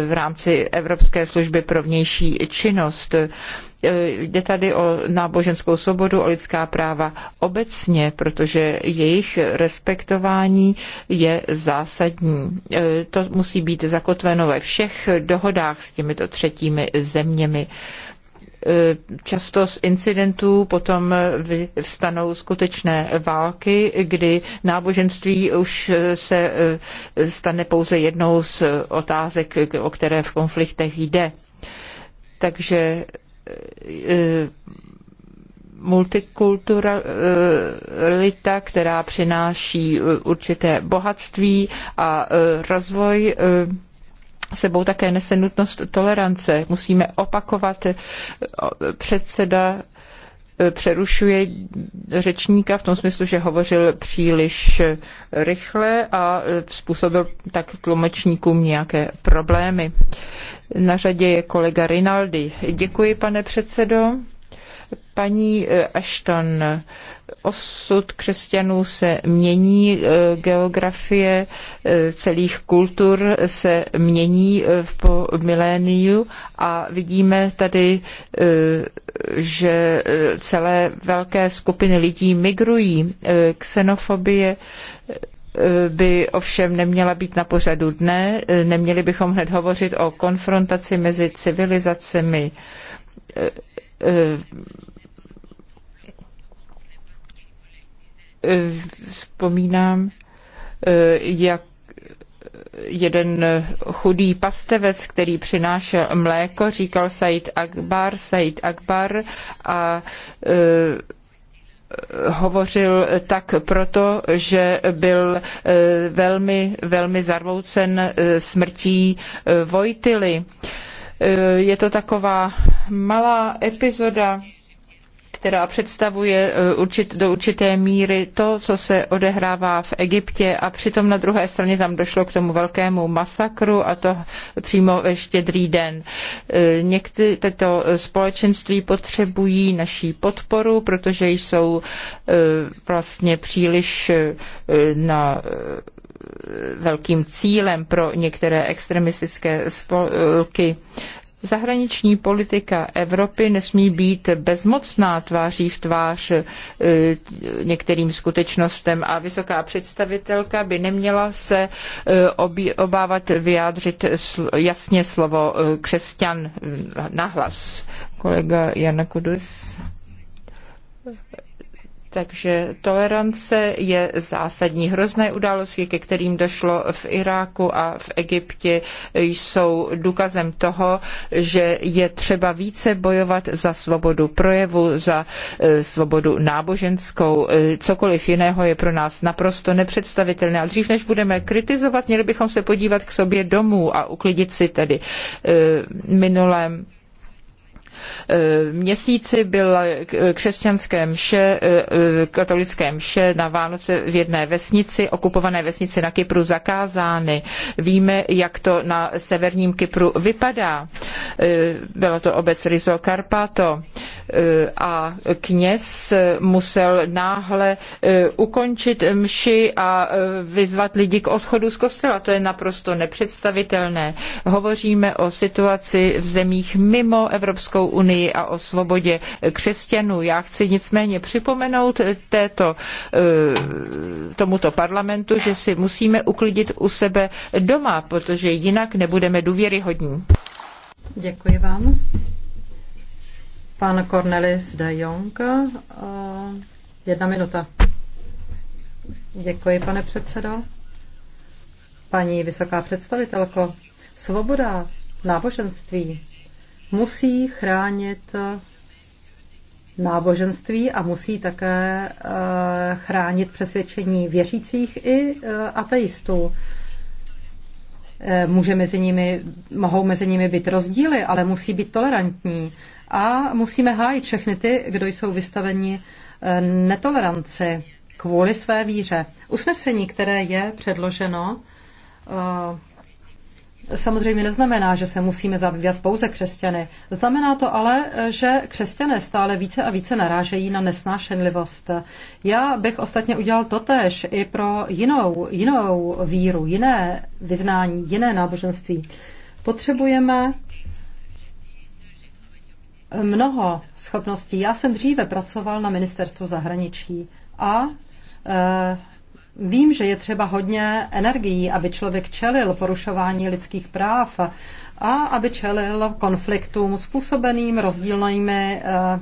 v rámci Evropské služby pro vnější činnost. Eh, jde tady o náboženskou svobodu, o lidská práva obecně, protože jejich respektování je zásadní. Eh, to musí být zakotveno ve všech dohodách s těmito třetími zeměmi eh, často z incidentů potom vstanou skutečné války, kdy náboženství už se stane pouze jednou z otázek, o které v konfliktech jde. Takže Eh, multikulturalita, která přináší eh, určité bohatství a eh, rozvoj sebou také nese nutnost tolerance. Musíme opakovat předseda přerušuje řečníka v tom smyslu, že hovořil příliš rychle a způsobil tak tlumočníkům nějaké problémy. Na řadě je kolega Rinaldi. Děkuji, pane předsedo. Paní eh, Ashton, osud křesťanů se mění, eh, geografie eh, celých kultur se mění po miléniu a vidíme tady, že celé velké skupiny lidí migrují. Ksenofobie by ovšem neměla být na pořadu dne. Neměli bychom hned hovořit o konfrontaci mezi civilizacemi. Vzpomínám, jak jeden chudý pastevec, který přinášel mléko, říkal Said Akbar, Said Akbar a e, hovořil tak proto, že byl eh, velmi, velmi zarmoucen eh, smrtí eh, Vojtily. Je to taková malá epizoda, která představuje e, určit, do určité míry to, co se odehrává v Egyptě a přitom na druhé straně tam došlo k tomu velkému masakru a to přímo ve štědrý den. E, některé tyto společenství potřebují naší podporu, protože jsou e, vlastně příliš na velkým cílem pro některé extremistické spolky. Zahraniční politika Evropy nesmí být bezmocná tváří v tvář e, některým skutečnostem a vysoká představitelka by neměla se e, obávat vyjádřit jasně slovo e, křesťan nahlas. Kolega Jana Kudus. Takže tolerance je zásadní. Hrozné události, ke kterým došlo v Iráku a v Egyptě, jsou důkazem toho, že je třeba více bojovat za svobodu projevu, za e, svobodu náboženskou. E, cokoliv jiného je pro nás naprosto nepředstavitelné. A dřív, než budeme kritizovat, měli bychom se podívat k sobě domů a uklidit si tedy e, minulém Eh, měsíci byla eh, křesťanské mše, eh, katolické mše na Vánoce v jedné vesnici, okupované vesnici na Kypru zakázány. Víme, jak to na severním Kypru vypadá. Byla to obec Rizo Karpato a kněz musel náhle ukončit mši a vyzvat lidi k odchodu z kostela. To je naprosto nepředstavitelné. Hovoříme o situaci v zemích mimo Evropskou unii a o svobodě křesťanů. Já chci nicméně připomenout této, eh, tomuto parlamentu, že si musíme uklidit u sebe doma, protože jinak nebudeme důvěryhodní. Děkuji vám. Pan Cornelis de Jong, eh, jedna minuta. Děkuji, pane předsedo. Paní vysoká představitelko, svoboda náboženství musí chránit eh, náboženství a musí také eh, chránit přesvědčení věřících i eh, ateistů. Může mezi nimi, mohou mezi nimi být rozdíly, ale musí být tolerantní. A musíme hájit všechny ty, kdo jsou vystaveni netoleranci kvůli své víře. Usnesení, které je předloženo, samozřejmě neznamená, že se musíme zabývat pouze křesťany. Znamená to ale, že křesťané stále více a více narážejí na nesnášenlivost. Já bych ostatně udělal totéž i pro jinou, jinou víru, jiné vyznání, jiné náboženství. Potřebujeme mnoho schopností. Já jsem dříve pracoval na ministerstvu zahraničí a eh, Vím, že je třeba hodně energií, aby člověk čelil porušování lidských práv a aby čelil konfliktům způsobeným rozdílnými eh,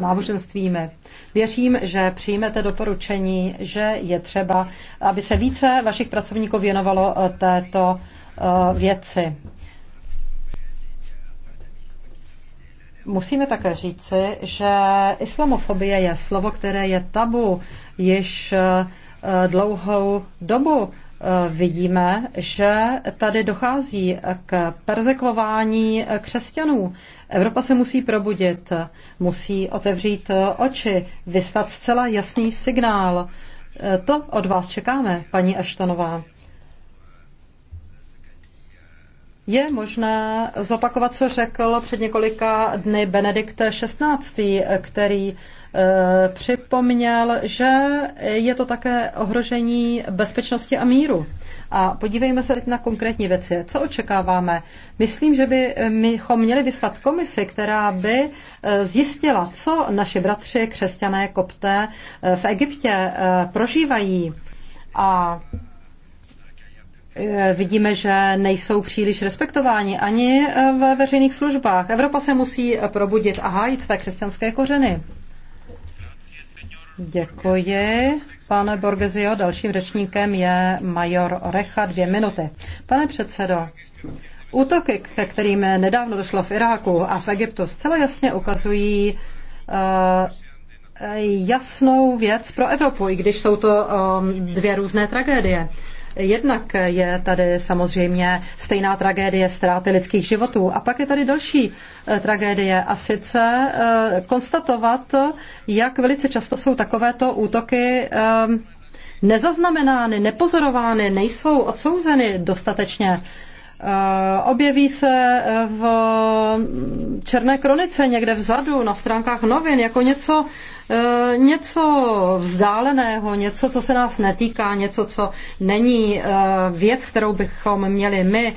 náboženstvími. Věřím, že přijmete doporučení, že je třeba, aby se více vašich pracovníků věnovalo eh, této eh, věci. Musíme také říci, že islamofobie je slovo, které je tabu již eh, dlouhou dobu. Eh, vidíme, že tady dochází k perzekování křesťanů. Evropa se musí probudit, musí otevřít eh, oči, vyslat zcela jasný signál. To od vás čekáme, paní Aštanová. Je možné zopakovat, co řekl před několika dny Benedikt XVI., který eh, připomněl, že je to také ohrožení bezpečnosti a míru. A podívejme se teď na konkrétní věci. Co očekáváme? Myslím, že by bychom eh, měli vyslat komisi, která by eh, zjistila, co naši bratři křesťané kopté v Egyptě prožívají. A Eh, vidíme, že nejsou příliš respektováni ani eh, ve veřejných službách. Evropa se musí eh, probudit a hájit své křesťanské kořeny. Děkuji. Pane Borgesio, dalším řečníkem je major Recha, dvě minuty. Pane předsedo, útoky, ke kterým nedávno došlo v Iráku a v Egyptu, zcela jasně ukazují uh, jasnou věc pro Evropu, i když jsou to um, dvě různé tragédie. Jednak je tady samozřejmě stejná tragédie ztráty lidských životů. A pak je tady další eh, tragédie a sice eh, konstatovat, jak velice často jsou takovéto útoky eh, nezaznamenány, nepozorovány, nejsou odsouzeny dostatečně. Objeví se v černé kronice někde vzadu na stránkách novin jako něco E, něco vzdáleného, něco, co se nás netýká, něco, co není e, věc, kterou bychom měli my e,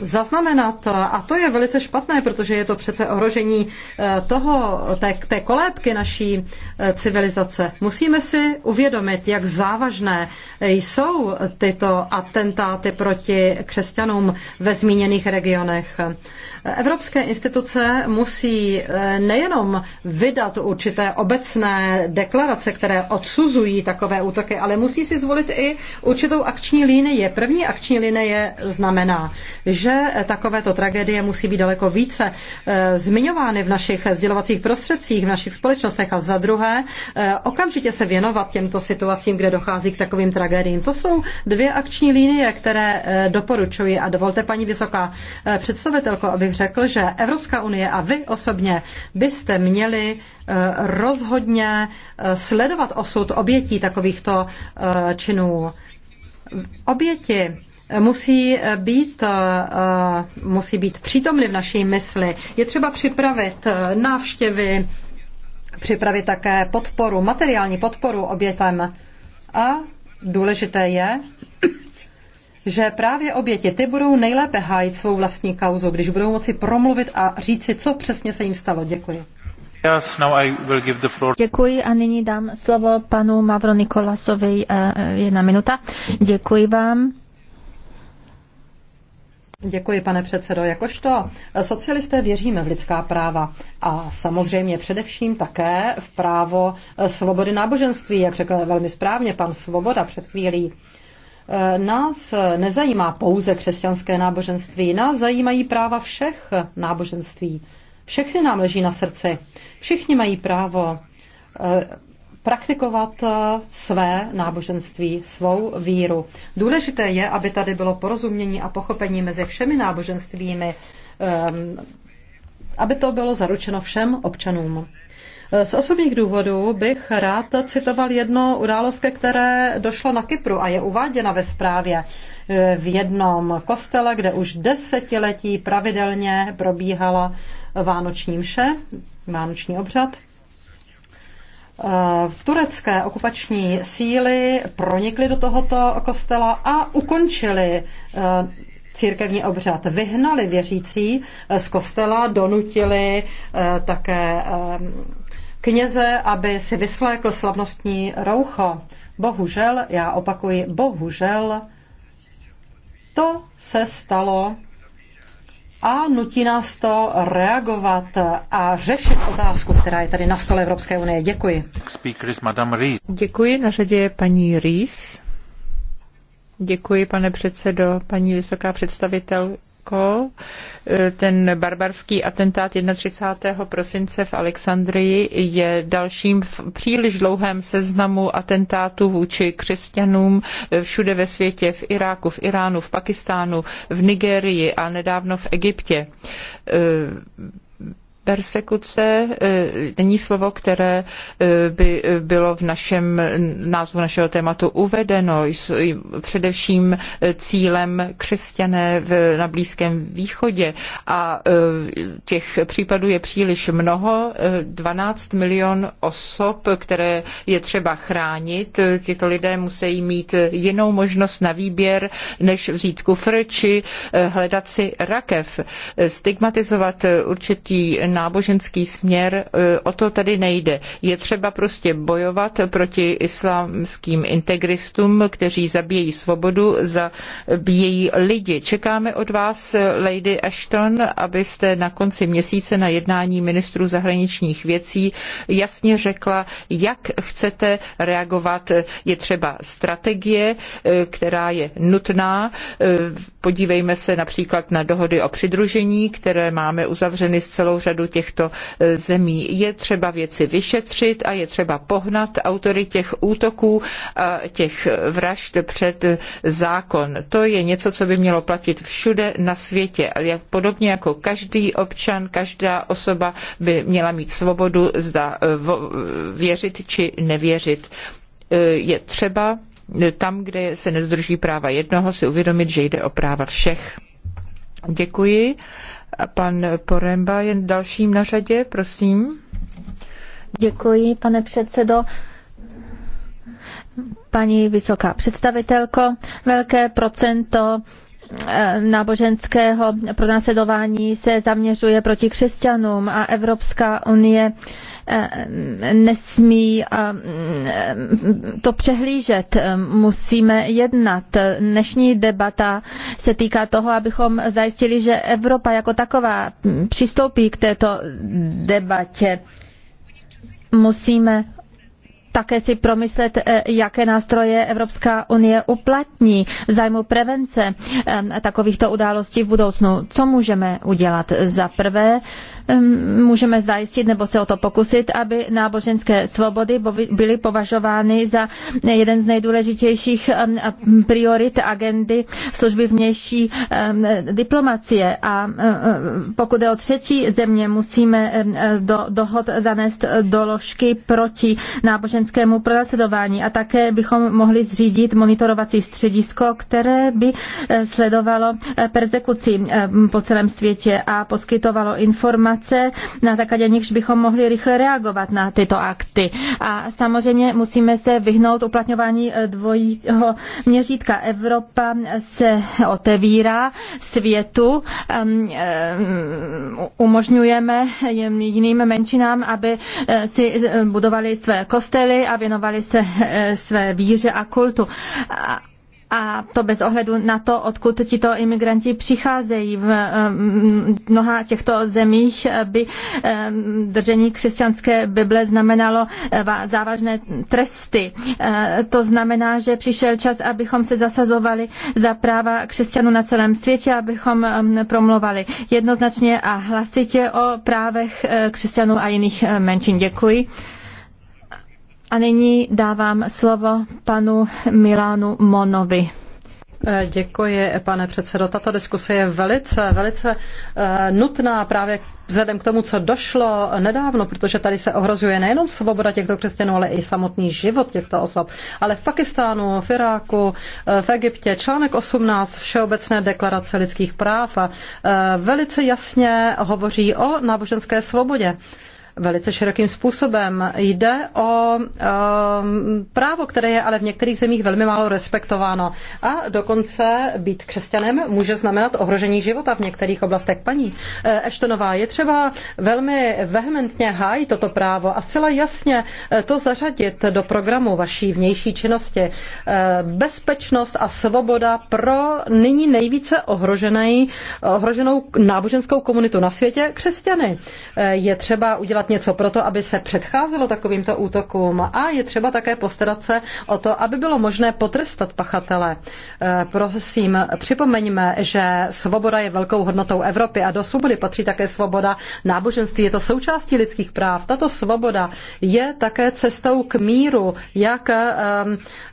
zaznamenat. A to je velice špatné, protože je to přece ohrožení toho, té, té kolébky naší civilizace. Musíme si uvědomit, jak závažné jsou tyto atentáty proti křesťanům ve zmíněných regionech. Evropské instituce musí nejenom vydat určité obecné deklarace, které odsuzují takové útoky, ale musí si zvolit i určitou akční linii. První akční linie znamená, že takovéto tragédie musí být daleko více eh, zmiňovány v našich sdělovacích prostředcích, v našich společnostech a za druhé eh, okamžitě se věnovat těmto situacím, kde dochází k takovým tragédiím. To jsou dvě akční linie, které eh, doporučuji a dovolte paní vysoká představitelko, abych řekl, že Evropská unie a vy osobně byste měli rozhodně eh, sledovat osud obětí takovýchto eh, činů. Oběti eh, musí být, musí být přítomny v naší mysli. Je třeba připravit návštěvy, připravit také podporu, materiální podporu obětem. A důležité je, že právě oběti ty budou nejlépe hájit svou vlastní kauzu, když budou moci promluvit a říci, co přesně se jim stalo. Děkuji. Děkuji a nyní dám slovo panu Mavro Nikolasovi. Eh, jedna minuta. Děkuji vám. Děkuji, pane předsedo. Jakožto socialisté věříme v lidská práva a samozřejmě především také v právo eh, svobody náboženství, jak řekl velmi správně pan Svoboda před chvílí. Eh, nás nezajímá pouze křesťanské náboženství, nás zajímají práva všech náboženství. Všechny nám leží na srdci. Všichni mají právo eh, praktikovat eh, své náboženství, svou víru. Důležité je, aby tady bylo porozumění a pochopení mezi všemi náboženstvími, ehm, aby to bylo zaručeno všem občanům. Z osobních důvodů bych rád citoval jedno událost, ke které došlo na Kypru a je uváděna ve zprávě v jednom kostele, kde už desetiletí pravidelně probíhala vánoční mše, vánoční obřad. V eh, turecké okupační síly pronikly do tohoto kostela a ukončili eh, církevní obřad. Vyhnali věřící z kostela, donutili eh, také kněze, aby si vyslékl slavnostní roucho. Bohužel, já opakuji, bohužel, to se stalo a nutí nás to reagovat a řešit otázku, která je tady na stole Evropské unie. Děkuji. Děkuji, na řadě je paní Rees. Děkuji, pane předsedo, paní vysoká představitel jako ten barbarský atentát 31. prosince v Alexandrii je dalším v příliš dlouhém seznamu atentátů vůči křesťanům všude ve světě, v Iráku, v Iránu, v Pakistánu, v Nigérii a nedávno v Egyptě e, Persekuce eh, není slovo, které eh, by eh, bylo v našem názvu našeho tématu uvedeno. především cílem křesťané v, na Blízkém východě a těch případů je příliš mnoho. 12 milion osob, které je třeba chránit. Tito lidé musí mít jinou možnost na výběr, než vzít kufr či hledat si rakev. Stigmatizovat určitý náboženský směr, e, o to tady nejde. Je třeba prostě bojovat proti islámským integristům, kteří zabíjejí svobodu, zabíjejí lidi. Čekáme od vás, e, Lady Ashton, abyste na konci měsíce na jednání ministrů zahraničních věcí jasně řekla, jak chcete reagovat. Je třeba strategie, e, která je nutná. Podívejme se například na dohody o přidružení, které máme uzavřeny s celou řadou případu těchto e, zemí. Je třeba věci vyšetřit a je třeba pohnat autory těch útoků a těch vražd před zákon. To je něco, co by mělo platit všude na světě. Jak, podobně jako každý občan, každá osoba by měla mít svobodu, zda e, věřit či nevěřit. E, je třeba tam, kde se nedodrží práva jednoho, si uvědomit, že jde o práva všech. Děkuji. A pan Poremba je dalším na řadě, prosím. Děkuji, pane předsedo. Paní vysoká představitelko, velké procento Eh, náboženského pronásledování se zaměřuje proti křesťanům a Evropská unie eh, nesmí eh, to přehlížet. Musíme jednat. Dnešní debata se týká toho, abychom zajistili, že Evropa jako taková přistoupí k této debatě. Musíme také si promyslet, eh, jaké nástroje Evropská unie uplatní v zájmu prevence eh, takovýchto událostí v budoucnu. Co můžeme udělat? Za prvé, můžeme zajistit nebo se o to pokusit, aby náboženské svobody byly považovány za jeden z nejdůležitějších priorit agendy služby vnější diplomacie. A pokud je o třetí země, musíme do dohod zanést doložky proti náboženskému pronásledování a také bychom mohli zřídit monitorovací středisko, které by eh, sledovalo eh, persekuci po celém světě a poskytovalo informace informace, na základě nichž bychom mohli rychle reagovat na tyto akty. A samozřejmě musíme se vyhnout uplatňování eh, dvojího měřítka. Evropa se otevírá světu, eh, umožňujeme jiným menšinám, aby eh, si budovali své kostely a věnovali se své víře a kultu a to bez ohledu na to, odkud tito imigranti přicházejí. V mnoha těchto zemích by držení křesťanské Bible znamenalo eh, závažné tresty. Eh, to znamená, že přišel čas, abychom se zasazovali za práva křesťanů na celém světě, abychom promluvali jednoznačně a hlasitě o právech eh, křesťanů a jiných menšin. Děkuji. A nyní dávám slovo panu Milánu Monovi. Eh, děkuji, pane předsedo. Tato diskuse je velice, velice eh, nutná právě vzhledem k tomu, co došlo nedávno, protože tady se ohrozuje nejenom svoboda těchto křesťanů, ale i samotný život těchto osob. Ale v Pakistánu, v Iráku, eh, v Egyptě článek 18 Všeobecné deklarace lidských práv velice jasně hovoří o náboženské svobodě velice širokým způsobem. Jde o um, právo, které je ale v některých zemích velmi málo respektováno. A dokonce být křesťanem může znamenat ohrožení života v některých oblastech. Paní eh, Eštonová, je třeba velmi vehementně hájit toto právo a zcela jasně eh, to zařadit do programu vaší vnější činnosti. Eh, bezpečnost a svoboda pro nyní nejvíce ohroženou náboženskou komunitu na světě, křesťany. Je třeba udělat dělat něco pro to, aby se předcházelo takovýmto útokům a je třeba také postarat se o to, aby bylo možné potrestat pachatele. E, prosím, připomeňme, že svoboda je velkou hodnotou Evropy a do svobody patří také svoboda náboženství. Je to součástí lidských práv. Tato svoboda je také cestou k míru, jak e,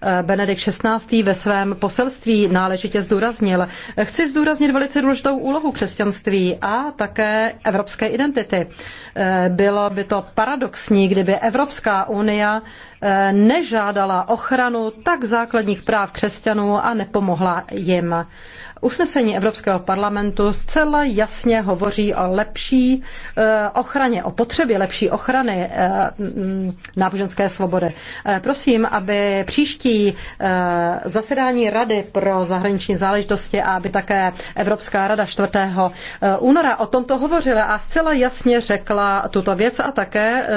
e, Benedikt XVI. ve svém poselství náležitě zdůraznil. Chci zdůraznit velice důležitou úlohu křesťanství a také evropské identity. Bylo bylo by to paradoxní, kdyby Evropská unie eh, nežádala ochranu tak základních práv křesťanů a nepomohla jim. Usnesení Evropského parlamentu zcela jasně hovoří o lepší eh, ochraně, o potřebě lepší ochrany eh, mm, náboženské svobody. Eh, prosím, aby příští zasedání Rady pro zahraniční záležitosti a aby také Evropská rada 4. února o tomto hovořila a zcela jasně řekla tuto věc a také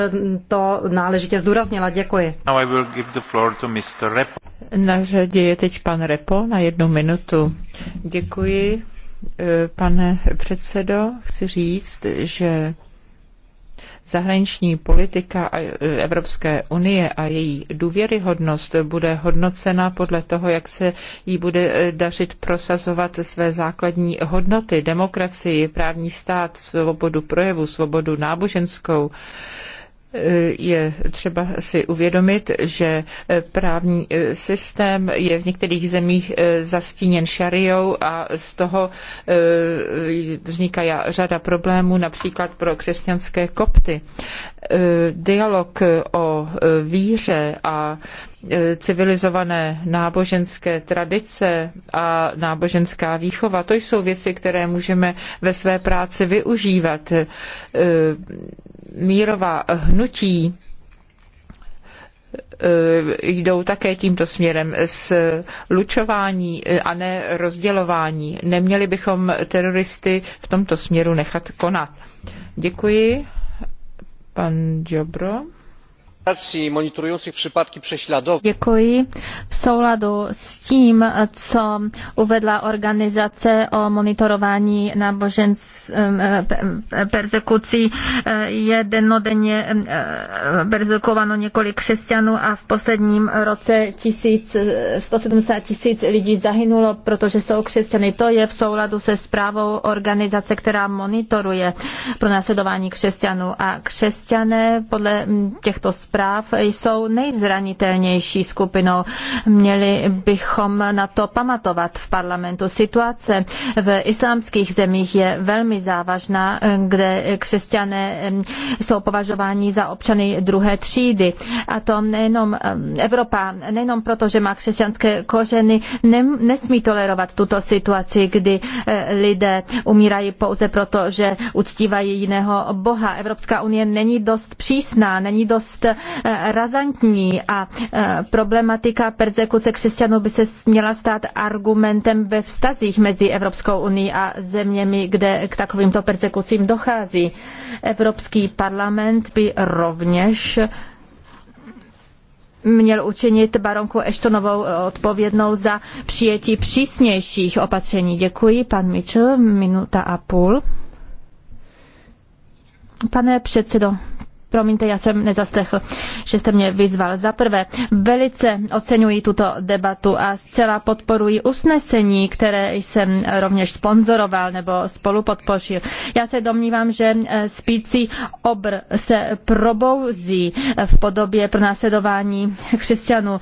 to náležitě zdůraznila. Děkuji. Na řadě je teď pan Repo na jednu minutu. Děkuji, e, pane předsedo. Chci říct, že zahraniční politika e, Evropské unie a její důvěryhodnost bude hodnocena podle toho, jak se jí bude e, dařit prosazovat své základní hodnoty, demokracii, právní stát, svobodu projevu, svobodu náboženskou, Eh, je třeba si uvědomit, že eh, právní eh, systém je v některých zemích zastíněn šariou a z toho vzniká řada problémů, například pro křesťanské kopty. Dialog o víře a Eh, civilizované náboženské tradice a náboženská výchova, to jsou věci, které můžeme ve své práci využívat. Eh, mírová hnutí eh, jdou také tímto směrem s lučování a ne rozdělování. Neměli bychom teroristy v tomto směru nechat konat. Děkuji. Pan Jobro. Děkuji. V souladu s tím, co uvedla organizace o monitorování náboženství eh, eh, persekucí, eh, je dennodenně persekuováno několik křesťanů a v posledním roce 1000, 170 tisíc lidí zahynulo, protože jsou křesťany. To je v souladu se zprávou organizace, která monitoruje pronásledování křesťanů. A křesťané podle těchto zpráv práv jsou nejzranitelnější skupinou. Měli bychom na to pamatovat v parlamentu. Situace v islámských zemích je velmi závažná, kde křesťané jsou považováni za občany druhé třídy. A to nejenom Evropa, nejenom proto, že má křesťanské kořeny, nesmí tolerovat tuto situaci, kdy e, lidé umírají pouze proto, že uctívají jiného boha. Evropská unie není dost přísná, není dost razantní a e, problematika persekuce křesťanů by se měla stát argumentem ve vztazích mezi Evropskou unii a zeměmi, kde k takovýmto persekucím dochází. Evropský parlament by rovněž měl učinit baronku Eštonovou odpovědnou za přijetí přísnějších opatření. Děkuji, pan Mitchell, minuta a půl. Pane předsedo, Promiňte, já jsem nezaslechl, že jste mě vyzval. Za prvé, velice oceňuji tuto debatu a zcela podporuji usnesení, které jsem rovněž sponzoroval nebo spolu podpořil. Já se domnívám, že eh, spící obr se probouzí eh, v podobě pronásledování křesťanů.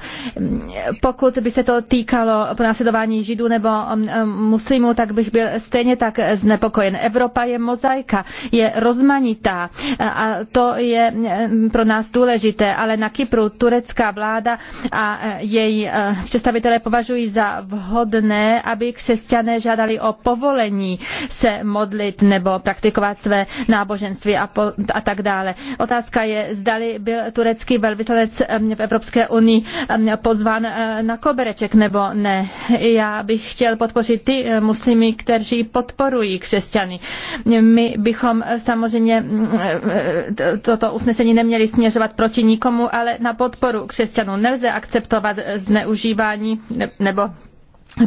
Pokud by se to týkalo pronásledování židů nebo mm, mm, muslimů, tak bych byl stejně tak znepokojen. Evropa je mozaika, je rozmanitá eh, a to je pro nás důležité, ale na Kypru turecká vláda a e, její e, představitelé považují za vhodné, aby křesťané žádali o povolení se modlit nebo praktikovat své náboženství a, po, a tak dále. Otázka je, zdali byl turecký velvyslanec e, v Evropské unii pozván na kobereček nebo ne. Já bych chtěl podpořit ty muslimy, kteří podporují křesťany. My bychom samozřejmě to toto usnesení neměli směřovat proti nikomu, ale na podporu křesťanů. Nelze akceptovat zneužívání nebo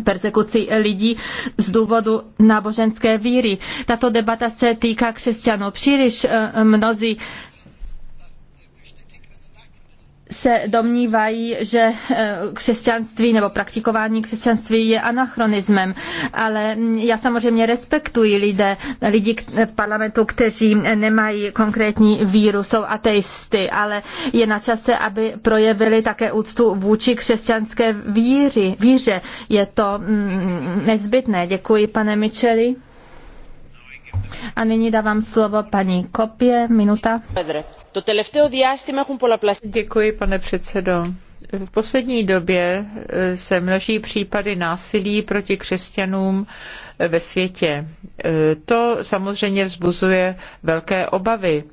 persekuci lidí z důvodu náboženské víry. Tato debata se týká křesťanů. Příliš eh, mnozí se domnívají, že eh, křesťanství nebo praktikování křesťanství je anachronismem, ale mm, já samozřejmě respektuji lidé, lidi v parlamentu, kteří nemají konkrétní víru, jsou ateisty, ale je na čase, aby projevili také úctu vůči křesťanské víry, víře. Je to mm, nezbytné. Děkuji, pane Micheli. A nyní dávám slovo paní Kopě, minuta. Děkuji, pane předsedo. V poslední době eh, se množí případy násilí proti křesťanům eh, ve světě. Eh, to samozřejmě vzbuzuje velké obavy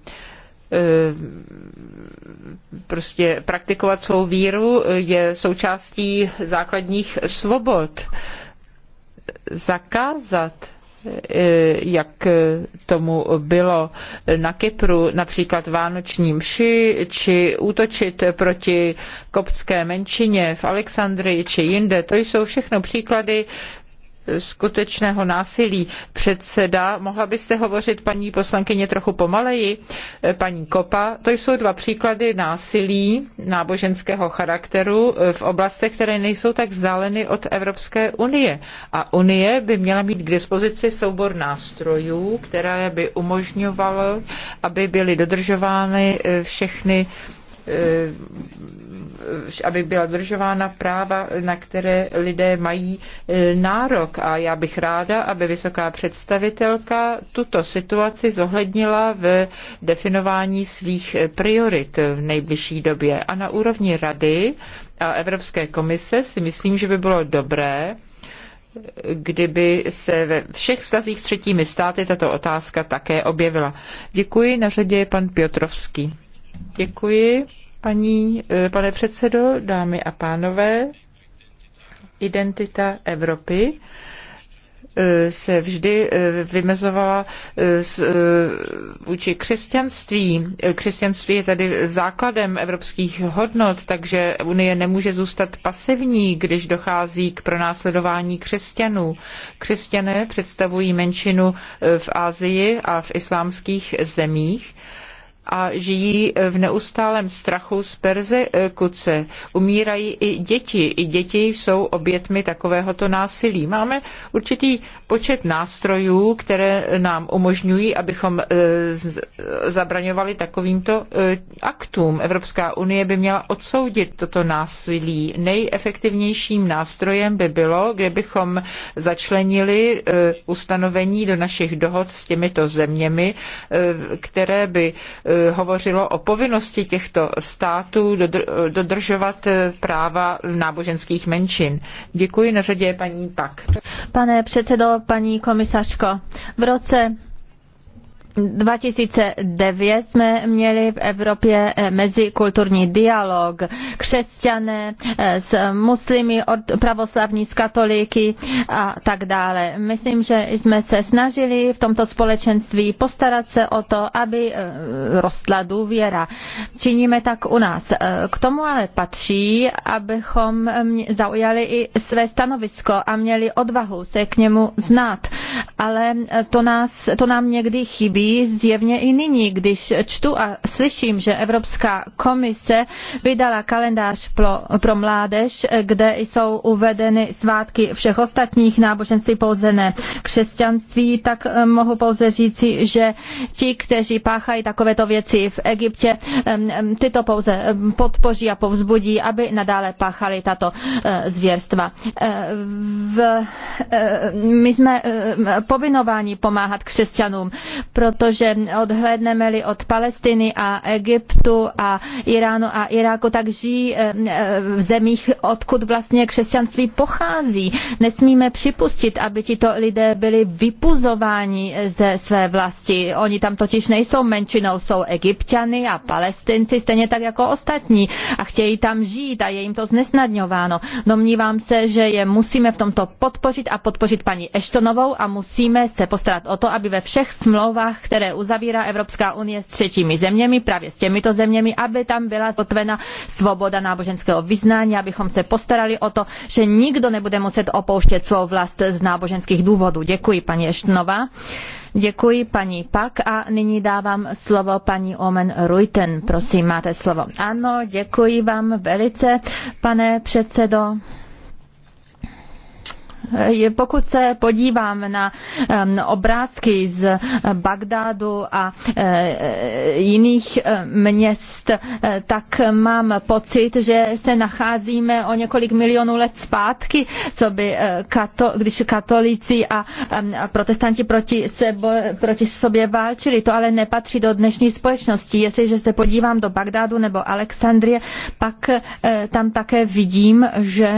prostě praktikovat svou víru je součástí základních svobod. Zakázat E, jak tomu bylo na Kypru, například Vánoční mši, či útočit proti koptské menšině v Alexandrii, či jinde. To jsou všechno příklady skutečného násilí předseda. Mohla byste hovořit, paní poslankyně, trochu pomaleji? Eh, paní Kopa, to jsou dva příklady násilí náboženského charakteru eh, v oblastech, které nejsou tak vzdáleny od Evropské unie. A unie by měla mít k dispozici soubor nástrojů, které by umožňovalo, aby byly dodržovány eh, všechny aby byla dodržována práva, na které lidé mají e, nárok. A já bych ráda, aby vysoká představitelka tuto situaci zohlednila v definování svých priorit v nejbližší době. A na úrovni Rady a Evropské komise si myslím, že by bylo dobré, kdyby se ve všech stazích s třetími státy tato otázka také objevila. Děkuji, na řadě je pan Piotrovský. Děkuji. Paní, eh, pane předsedo, dámy a pánové, identita Evropy eh, se vždy eh, vymezovala vůči křesťanství. Křesťanství je tady základem evropských hodnot, takže Unie nemůže zůstat pasivní, když dochází k pronásledování křesťanů. Křesťané představují menšinu v Asii a v islámských zemích a žijí eh, v neustálém strachu z persekuce. Eh, Umírají i děti. I děti jsou obětmi takovéhoto násilí. Máme určitý počet nástrojů, které nám umožňují, abychom eh, zabraňovali takovýmto aktům. Evropská unie by měla odsoudit toto násilí. Nejefektivnějším nástrojem by bylo, kdybychom začlenili ustanovení do našich dohod s těmito zeměmi, které by Eh, hovořilo o povinnosti těchto států dodržovat eh, práva náboženských menšin. Děkuji, na řadě paní Pak. Pane předsedo, paní komisařko, v roce 2009 jsme měli v Evropě eh, mezikulturní dialog. Křesťané eh, s muslimy, od pravoslavní s katolíky a tak dále. Myslím, že jsme se snažili v tomto společenství postarat se o to, aby eh, rostla důvěra. Činíme tak u nás. K tomu ale patří, abychom zaujali i své stanovisko a měli odvahu se k němu znát. Ale to, nás, to nám někdy chybí chybí zjevně i nyní, když čtu a slyším, že Evropská komise vydala kalendář pro, pro mládež, kde jsou uvedeny svátky všech ostatních náboženství, pouze ne křesťanství, tak eh, mohu pouze říci, že ti, kteří páchají takovéto věci v Egyptě, tyto pouze podpoří a povzbudí, aby nadále páchali tato eh, zvěrstva. Eh, v, my jsme povinováni pomáhat křesťanům, proto protože odhlédneme-li od Palestiny a Egyptu a Iránu a Iráku, tak žijí eh, eh, v zemích, odkud vlastně křesťanství pochází. Nesmíme připustit, aby tito lidé byli vypuzováni eh, ze své vlasti. Oni tam totiž nejsou menšinou, jsou egyptiany a palestinci, stejně tak jako ostatní a chtějí tam žít a je jim to znesnadňováno. Domnívám se, že je musíme v tomto podpořit a podpořit paní Eštonovou a musíme se postarat o to, aby ve všech smlouvách které uzavírá Evropská unie s třetími zeměmi, právě s těmito zeměmi, aby tam byla zotvena svoboda náboženského vyznání, abychom se postarali o to, že nikdo nebude muset opouštět svou vlast z náboženských důvodů. Děkuji, paní Eštnova. Děkuji paní Pak a nyní dávám slovo paní Omen Ruiten. Prosím, máte slovo. Ano, děkuji vám velice, pane předsedo. Pokud se podívám na obrázky z Bagdádu a e, jiných e, měst, e, tak mám pocit, že se nacházíme o několik milionů let zpátky, co by kato, když katolíci a protestanti proti, sebo, proti sobě válčili. To ale nepatří do dnešní společnosti. Jestliže se podívám do Bagdádu nebo Alexandrie, pak tam také vidím, že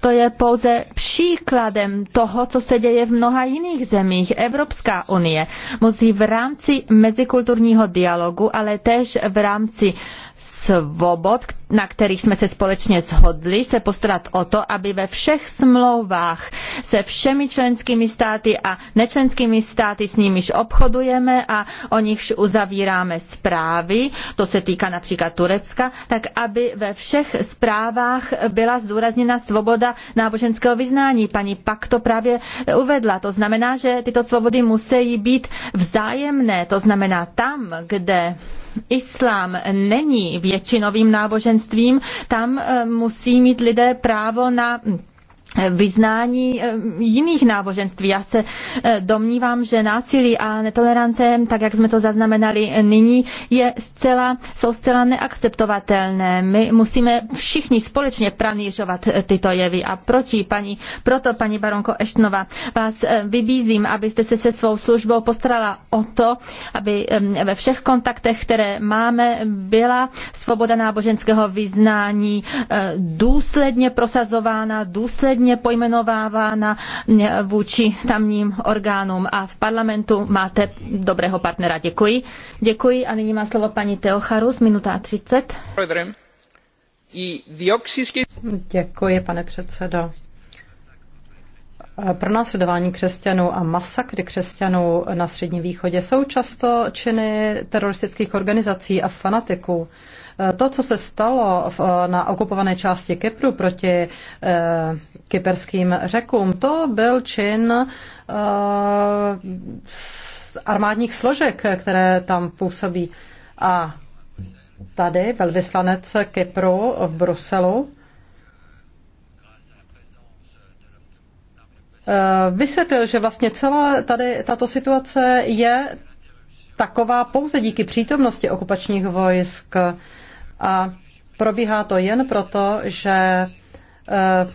to je pouze příkladem toho, co se děje v mnoha jiných zemích. Evropská unie musí v rámci mezikulturního dialogu, ale též v rámci uh, svobod, na kterých jsme se společně shodli, se postarat o to, aby ve všech smlouvách se všemi členskými státy a nečlenskými státy s nimiž obchodujeme a o nichž uzavíráme zprávy, to se týká například Turecka, tak aby ve všech zprávách byla zdůrazněna svoboda náboženského vyznání. Paní Pak to právě uvedla. To znamená, že tyto svobody musí být vzájemné. To znamená tam, kde islám není většinovým náboženstvím, tam eh, musí mít lidé právo na vyznání eh, jiných náboženství. Já se eh, domnívám, že násilí a netolerance, tak jak jsme to zaznamenali nyní, je zcela, jsou zcela neakceptovatelné. My musíme všichni společně pranířovat eh, tyto jevy a proti paní, proto paní baronko Eštnova vás vybízím, abyste se se svou službou postarala o to, aby ve všech kontaktech, které máme, byla svoboda náboženského vyznání důsledně prosazována, důsledně důsledně pojmenovávána eh, vůči tamním orgánům a v parlamentu máte dobrého partnera. Děkuji. Děkuji a nyní má slovo paní Teocharus, minuta 30. Děkuji, pane předsedo. Pronásledování křesťanů a masakry křesťanů na Středním východě jsou často činy teroristických organizací a fanatiků. To, co se stalo na okupované části Kypru proti eh, kyperským řekům. To byl čin uh, armádních složek, které tam působí. A tady velvyslanec Kypru v Bruselu eh, vysvětlil, že vlastně celá tady tato situace je taková pouze díky přítomnosti okupačních vojsk a probíhá to jen proto, že eh,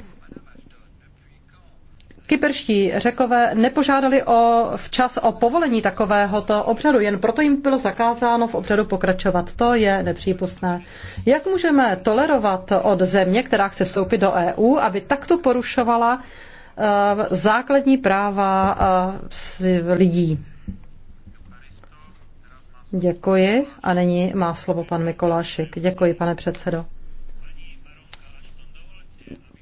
Kyperští řekové nepožádali o včas o povolení takovéhoto obřadu, jen proto jim bylo zakázáno v obřadu pokračovat. To je nepřípustné. Jak můžeme tolerovat od země, která chce vstoupit do EU, aby takto porušovala eh, základní práva eh, lidí? Děkuji. A nyní má slovo pan Mikolášek. Děkuji, pane předsedo.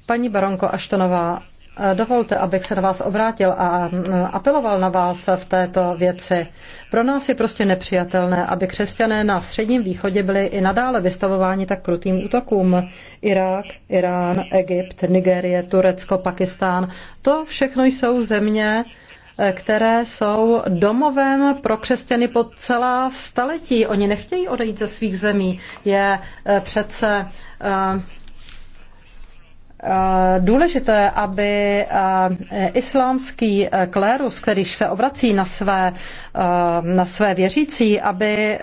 Paní Baronko Aštonová, Eh, dovolte, abych se na vás obrátil a eh, apeloval na vás v této věci. Pro nás je prostě nepřijatelné, aby křesťané na Středním východě byli i nadále vystavováni tak krutým útokům. Irák, Irán, Egypt, Nigérie, Turecko, Pakistán. To všechno jsou země, eh, které jsou domovem pro křesťany po celá staletí. Oni nechtějí odejít ze svých zemí. Je přece Eh, důležité, aby eh, islámský eh, klérus, který se obrací na své, na své věřící, aby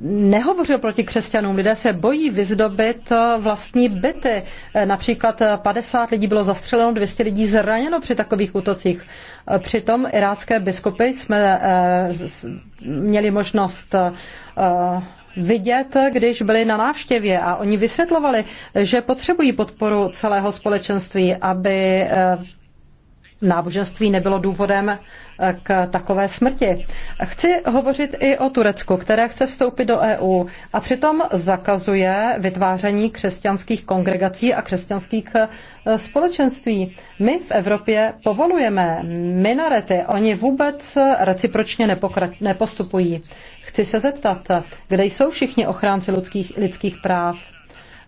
nehovořil proti křesťanům. Lidé se bojí vyzdobit vlastní byty. Například 50 lidí bylo zastřeleno, 200 lidí zraněno při takových útocích. Přitom irácké biskupy jsme měli možnost vidět, když byli na návštěvě a oni vysvětlovali, že potřebují podporu celého společenství, aby eh, náboženství nebylo důvodem eh, k takové smrti. Chci hovořit i o Turecku, které chce vstoupit do EU a přitom zakazuje vytváření křesťanských kongregací a křesťanských eh, společenství. My v Evropě povolujeme minarety, oni vůbec recipročně nepokra- nepostupují. Chci se zeptat, kde jsou všichni ochránci lidských, lidských práv?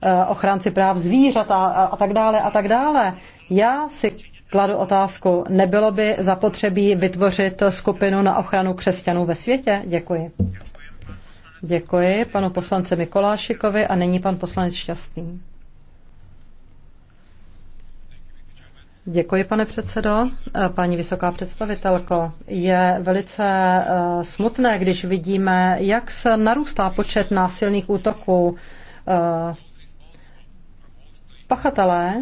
Eh, ochránci práv zvířat a, a, a tak dále a tak dále. Já si kladu otázku, nebylo by zapotřebí vytvořit skupinu na ochranu křesťanů ve světě? Děkuji. Děkuji panu poslance Mikolášikovi a není pan poslanec Šťastný. Děkuji, pane předsedo. Paní vysoká představitelko, je velice eh, smutné, když vidíme, jak se narůstá počet násilných útoků. Eh, pachatelé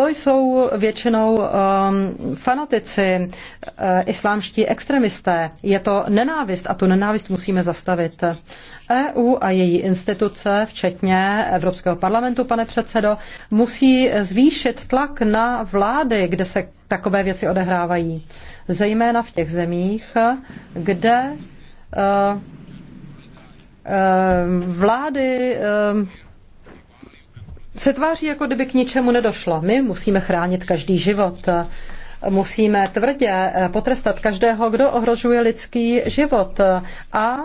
to jsou většinou um, fanatici, uh, islámští extremisté. Je to nenávist a tu nenávist musíme zastavit. EU a její instituce, včetně Evropského parlamentu, pane předsedo, musí zvýšit tlak na vlády, kde se takové věci odehrávají. Zejména v těch zemích, kde uh, uh, vlády uh, se tváří, jako kdyby k ničemu nedošlo. My musíme chránit každý život. Musíme tvrdě eh, potrestat každého, kdo ohrožuje lidský život. A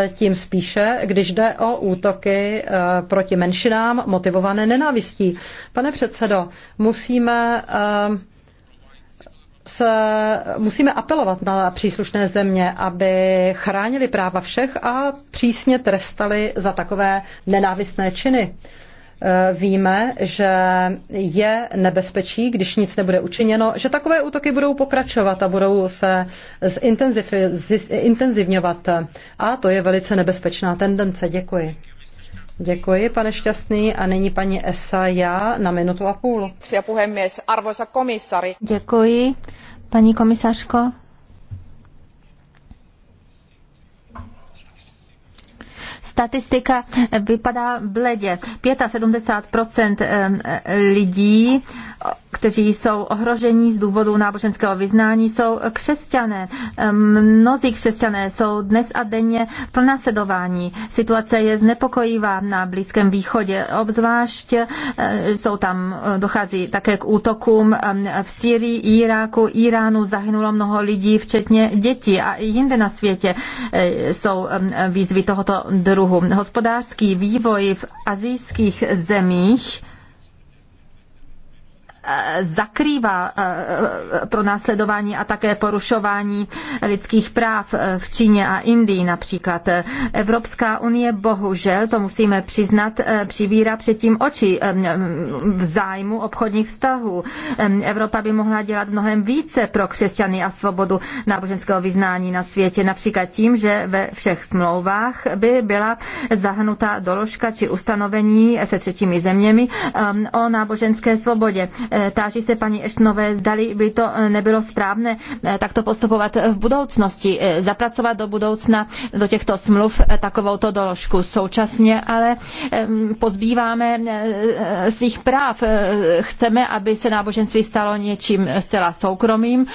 eh, tím spíše, když jde o útoky eh, proti menšinám motivované nenávistí. Pane předsedo, musíme se, musíme apelovat na příslušné země, aby chránili práva všech a přísně trestali za takové nenávistné činy. Eh, víme, že je nebezpečí, když nic nebude učiněno, že takové útoky budou pokračovat a budou se zintenzivňovat. A to je velice nebezpečná tendence. Děkuji. Děkuji, pane Šťastný. A nyní paní Esa já na minutu a půl. Děkuji, paní komisařko. statistika vypadá bledě. 75% lidí kteří jsou ohroženi z důvodu náboženského vyznání, jsou křesťané. Mnozí křesťané jsou dnes a denně pronásledováni. Situace je znepokojivá na Blízkém východě. Obzvlášť eh, jsou tam, eh, dochází také k útokům eh, v Syrii, Iráku, Iránu zahynulo mnoho lidí, včetně dětí a i jinde na světě jsou výzvy tohoto druhu. Hospodářský vývoj v azijských zemích zakrývá eh, eh, pro následování a také porušování lidských práv eh, v Číně a Indii například. Evropská unie bohužel, to musíme přiznat, přivírá předtím oči mm, v zájmu obchodních vztahů. Evropa by mohla dělat mnohem více pro křesťany a svobodu náboženského vyznání na světě, například tím, že ve všech smlouvách by byla zahrnuta doložka či ustanovení se třetími zeměmi o náboženské svobodě. E, táží se paní Eštnové, zdali by to e, nebylo správné e, takto postupovat v budoucnosti, zapracovat do budoucna do těchto smluv takovouto doložku. Současně ale pozbýváme svých práv. Chceme, aby se náboženství stalo něčím zcela soukromým.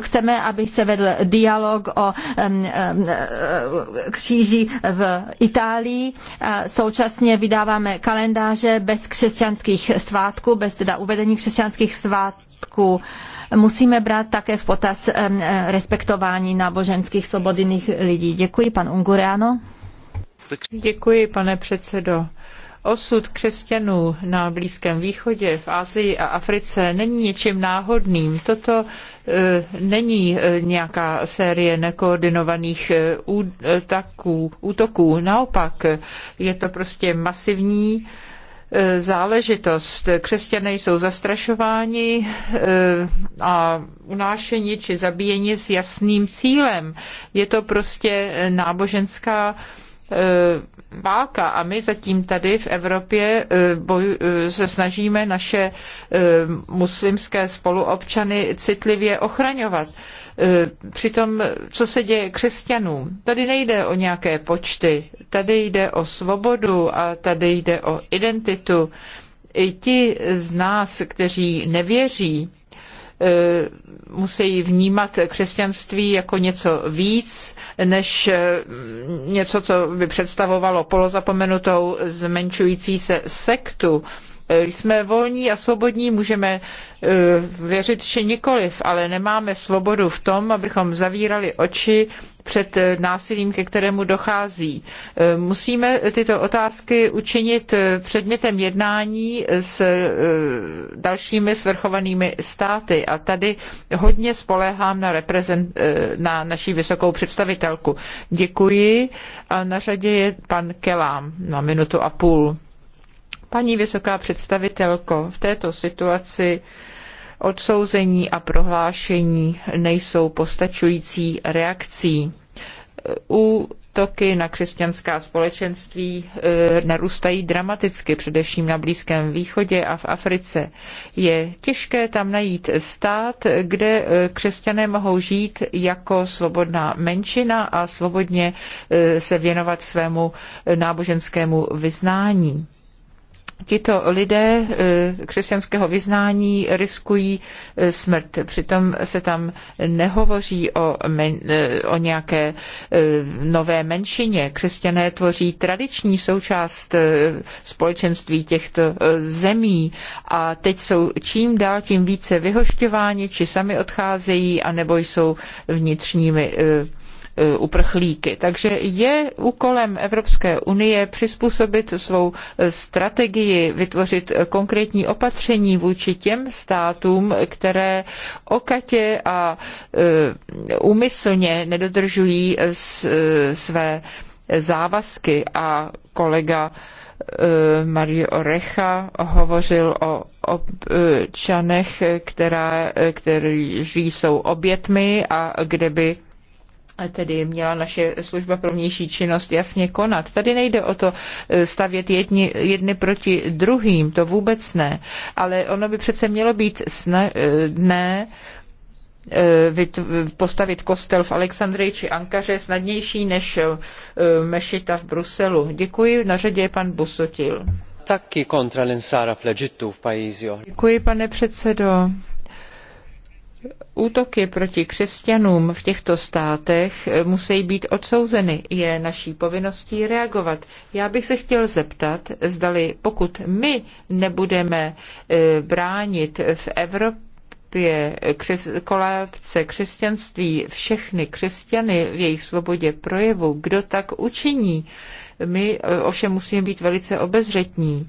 Chceme, aby se vedl dialog o kříži v Itálii. Současně vydáváme kalendáře bez křesťanských svátků, bez teda uvedení křesťanských svátků musíme brát také v potaz eh, eh, respektování náboženských svobod jiných lidí. Děkuji, pan Unguriano. Děkuji, pane předsedo. Osud křesťanů na Blízkém východě, v Asii a Africe není něčím náhodným. Toto eh, není nějaká série nekoordinovaných útaků, útoků. Naopak je to prostě masivní Eh, záležitost. Křesťané jsou zastrašováni eh, a unášeni či zabíjeni s jasným cílem. Je to prostě náboženská eh, válka a my zatím tady v Evropě se snažíme naše muslimské spoluobčany citlivě ochraňovat. Eh, přitom, co se děje křesťanům? Tady nejde o nějaké počty, tady jde o svobodu a tady jde o identitu. I ti z nás, kteří nevěří, eh, musí vnímat křesťanství jako něco víc, než eh, něco, co by představovalo polozapomenutou zmenšující se sektu. Jsme volní a svobodní, můžeme e, věřit či nikoliv, ale nemáme svobodu v tom, abychom zavírali oči před e, násilím, ke kterému dochází. E, musíme tyto otázky učinit předmětem jednání s dalšími svrchovanými státy a tady hodně spoléhám na, reprezent, na naší vysokou představitelku. Děkuji a na řadě je pan Kelám na minutu a půl. Paní vysoká představitelko, v této situaci odsouzení a prohlášení nejsou postačující reakcí. U útoky na křesťanská společenství eh, narůstají dramaticky, především na Blízkém východě a v Africe. Je těžké tam najít stát, kde eh, křesťané mohou žít jako svobodná menšina a svobodně eh, se věnovat svému náboženskému vyznání tito lidé eh, křesťanského vyznání riskují eh, smrt. Přitom se tam nehovoří o, men, eh, o nějaké nové menšině. Křesťané tvoří tradiční součást společenství těchto zemí a teď jsou čím dál tím více vyhošťováni, či sami odcházejí, anebo jsou vnitřními Eh, uprchlíky. Takže je úkolem Evropské unie přizpůsobit svou eh, strategii, vytvořit eh, konkrétní opatření vůči těm státům, které okatě a úmyslně nedodržují své závazky a kolega Mario Orecha hovořil o občanech, která, kteří jsou obětmi a kde by tedy měla naše služba pro vnější činnost jasně konat. Tady nejde o to e, stavět jedni, jedny proti druhým, to vůbec ne, ale ono by přece mělo být dne postavit kostel v Alexandrii či Ankaře je snadnější než e, mešita v Bruselu. Děkuji, na řadě je pan Busotil. Taky kontra Lensara v v Děkuji, pane předsedo. Útoky proti křesťanům v těchto státech eh, musí být odsouzeny. Je naší povinností reagovat. Já bych se chtěl zeptat, zdali pokud my nebudeme eh, bránit v Evropě, Evropě křes, kolápce křesťanství všechny křesťany v jejich svobodě projevu, kdo tak učiní, my e, ovšem musíme být velice obezřetní.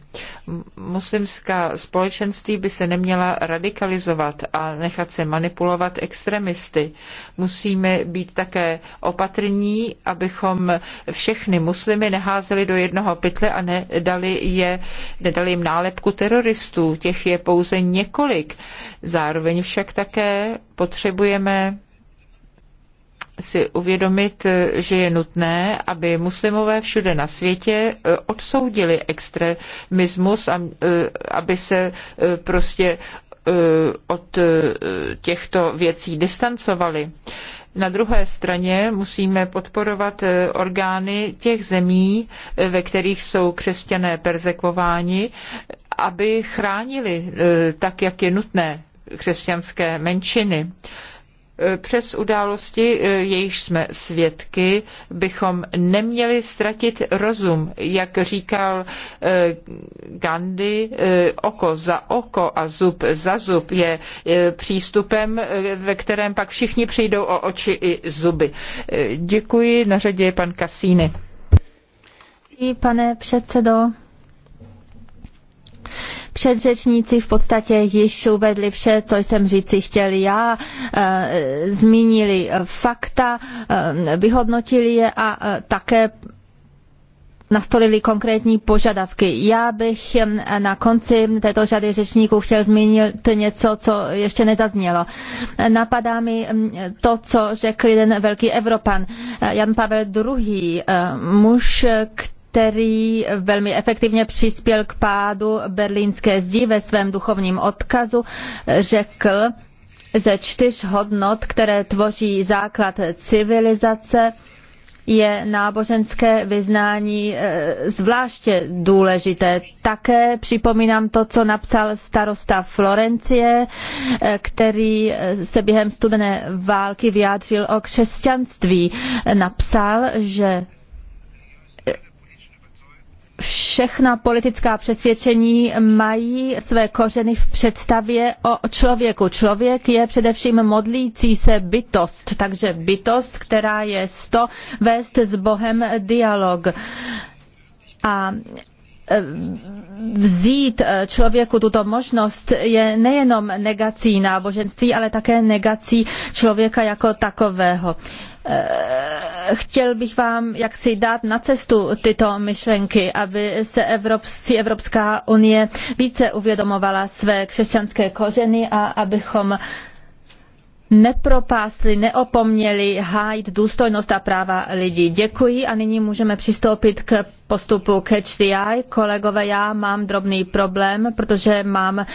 Muslimská společenství by se neměla radikalizovat a nechat se manipulovat extremisty. Musíme být také opatrní, abychom všechny muslimy neházeli do jednoho pytle a nedali, je, nedali jim nálepku teroristů. Těch je pouze několik. Zároveň však také potřebujeme si uvědomit, eh, že je nutné, aby muslimové všude na světě eh, odsoudili extremismus a eh, aby se prostě od těchto věcí distancovali. Na druhé straně musíme podporovat orgány těch zemí, ve kterých jsou křesťané persekvováni, aby chránili tak, jak je nutné křesťanské menšiny přes události, eh, jejíž jsme svědky, bychom neměli ztratit rozum. Jak říkal eh, Gandhi, eh, oko za oko a zub za zub je přístupem, ve kterém pak všichni přijdou o oči i zuby. Děkuji, na řadě je pan Kasíny. Pane předsedo, Předřečníci v podstatě již uvedli vše, co jsem říci chtěl já, eh, zmínili eh, fakta, eh, vyhodnotili je a také nastolili konkrétní požadavky. Já bych hm, na konci této řady řečníků chtěl zmínit něco, co ještě nezaznělo. Napadá mi hm, to, co řekl jeden velký Evropan, Jan Pavel II., muž, který který velmi efektivně přispěl k pádu berlínské zdi ve svém duchovním odkazu, řekl, ze čtyř hodnot, které tvoří základ civilizace, je náboženské vyznání e, zvláště důležité. Také připomínám to, co napsal starosta Florencie, e, který e, se během studené války vyjádřil o křesťanství. Napsal, že všechna politická přesvědčení mají své kořeny v představě o člověku. Člověk je především modlící se bytost, takže bytost, která je sto vést s Bohem dialog. A e, vzít e, člověku tuto možnost je nejenom negací náboženství, ale také negací člověka jako takového. Eh, chtěl bych vám jaksi dát na cestu tyto myšlenky, aby se Evropská, Evropská unie více uvědomovala své křesťanské kořeny a abychom nepropásli, neopomněli hájit důstojnost a práva lidí. Děkuji a nyní můžeme přistoupit k postupu Catch the Eye. Kolegové, já mám drobný problém, protože mám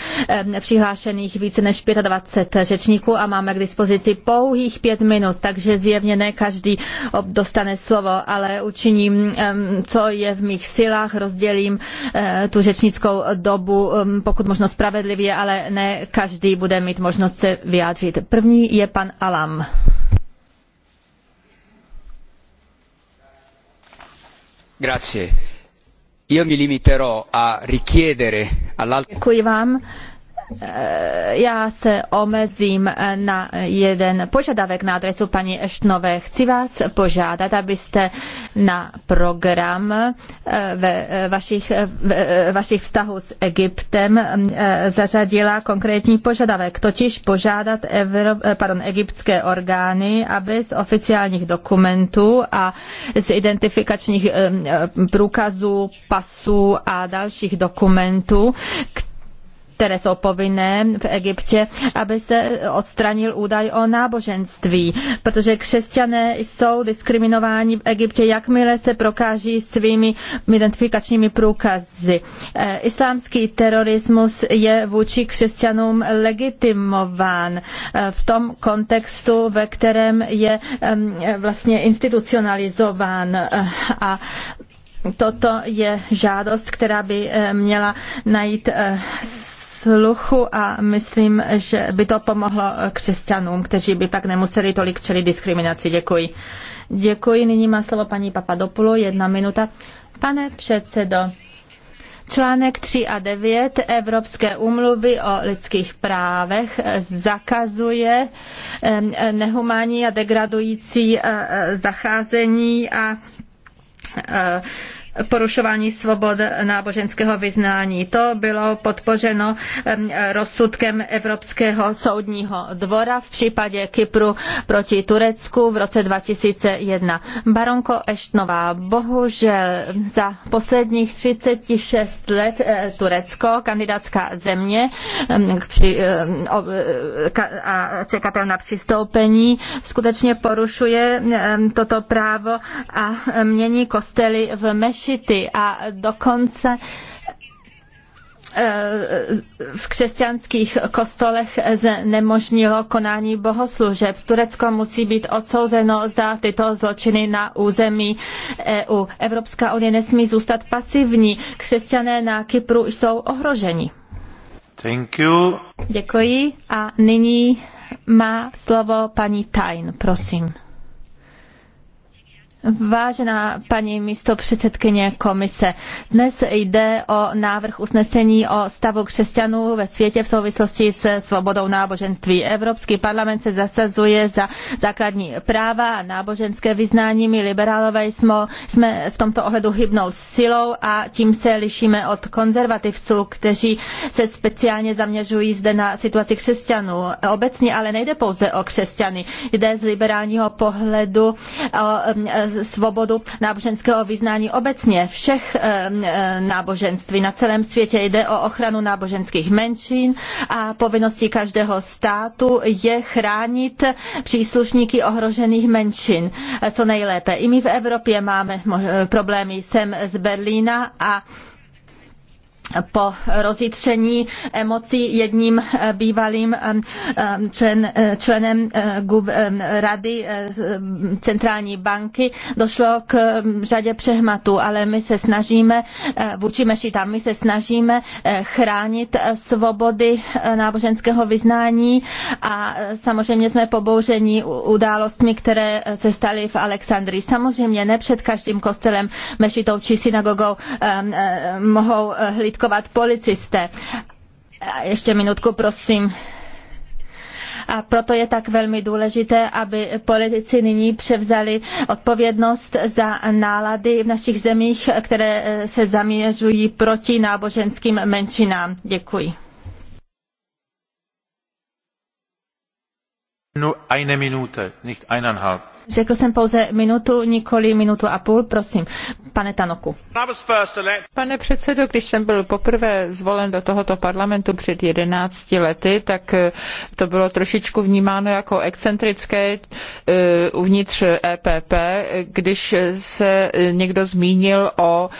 přihlášených více než 25 řečníků a máme k dispozici pouhých pět minut, takže zjevně ne každý dostane slovo, ale učiním, co je v mých silách, rozdělím eh, tu řečnickou dobu, pokud možno spravedlivě, ale ne každý bude mít možnost se vyjádřit. První je pan Alam. Grazie. Io mi limiterò a richiedere all'alto... Děkuji vám já se omezím na jeden požadavek na adresu paní Eštnové. Chci vás požádat, abyste na program eh, ve eh, vašich, eh, ve vašich vztahů s Egyptem zařadila konkrétní požadavek, totiž požádat Evro, pardon, egyptské orgány, aby z oficiálních dokumentů a z identifikačních průkazů, pasů a dalších dokumentů, které které jsou povinné v Egyptě, aby se odstranil údaj o náboženství, protože křesťané jsou diskriminováni v Egyptě, jakmile se prokáží svými identifikačními průkazy. E, islámský terorismus je vůči křesťanům legitimován e, v tom kontextu, ve kterém je vlastně institucionalizován e, a Toto je žádost, která by měla najít sluchu a myslím, že by to pomohlo křesťanům, kteří by pak nemuseli tolik čelit diskriminaci. Děkuji. Děkuji. Nyní má slovo paní Papadopoulou. Jedna minuta. Pane předsedo, Článek 3 a 9 Evropské umluvy o lidských právech zakazuje nehumánní a degradující eh, eh, zacházení a eh, porušování svobod náboženského vyznání. To bylo podpořeno rozsudkem Evropského soudního dvora v případě Kypru proti Turecku v roce 2001. Baronko Eštnová, bohužel za posledních 36 let eh, Turecko, kandidátská země eh, eh, a čekatel na přistoupení, skutečně porušuje toto právo a mění kostely v meš zašity a dokonce eh, v křesťanských kostolech znemožnilo konání bohoslužeb. Turecko musí být odsouzeno za tyto zločiny na území EU. Evropská unie nesmí zůstat pasivní. Křesťané na Kypru jsou ohroženi. Thank you. Děkuji a nyní má slovo paní Tain, prosím. Vážená paní místopředsedkyně komise, dnes jde o návrh usnesení o stavu křesťanů ve světě v souvislosti se svobodou náboženství. Evropský parlament se zasazuje za základní práva a náboženské vyznání. My liberálové jsme, jsme v tomto ohledu hybnou silou a tím se lišíme od konzervativců, kteří se speciálně zaměřují zde na situaci křesťanů. Obecně ale nejde pouze o křesťany. Jde z liberálního pohledu o svobodu náboženského vyznání obecně všech eh, eh, náboženství na celém světě. Jde o ochranu náboženských menšin a povinností každého státu je chránit příslušníky ohrožených menšin eh, co nejlépe. I my v Evropě máme problémy. Jsem z Berlína a po rozjitření emocí jedním bývalým člen, členem rady centrální banky došlo k eh, řadě přehmatů, ale my se snažíme eh, vůči mešitám, my se snažíme eh, chránit svobody náboženského vyznání a samozřejmě jsme pobouřeni událostmi, které se staly v Alexandrii. Samozřejmě ne před každým kostelem, mešitou či synagogou mohou hlit prohlídkovat policisté. A ještě minutku, prosím. A proto je tak velmi důležité, aby politici nyní převzali odpovědnost za nálady v našich zemích, které eh, se zaměřují proti náboženským menšinám. Děkuji. Nur eine Minute, nicht eineinhalb. Řekl jsem pouze minutu, nikoli minutu a půl, prosím. Pane Tanoku. Pane předsedo, když jsem byl poprvé zvolen do tohoto parlamentu před 11 lety, tak eh, to bylo trošičku vnímáno jako excentrické eh, uvnitř EPP, když se eh, někdo zmínil o,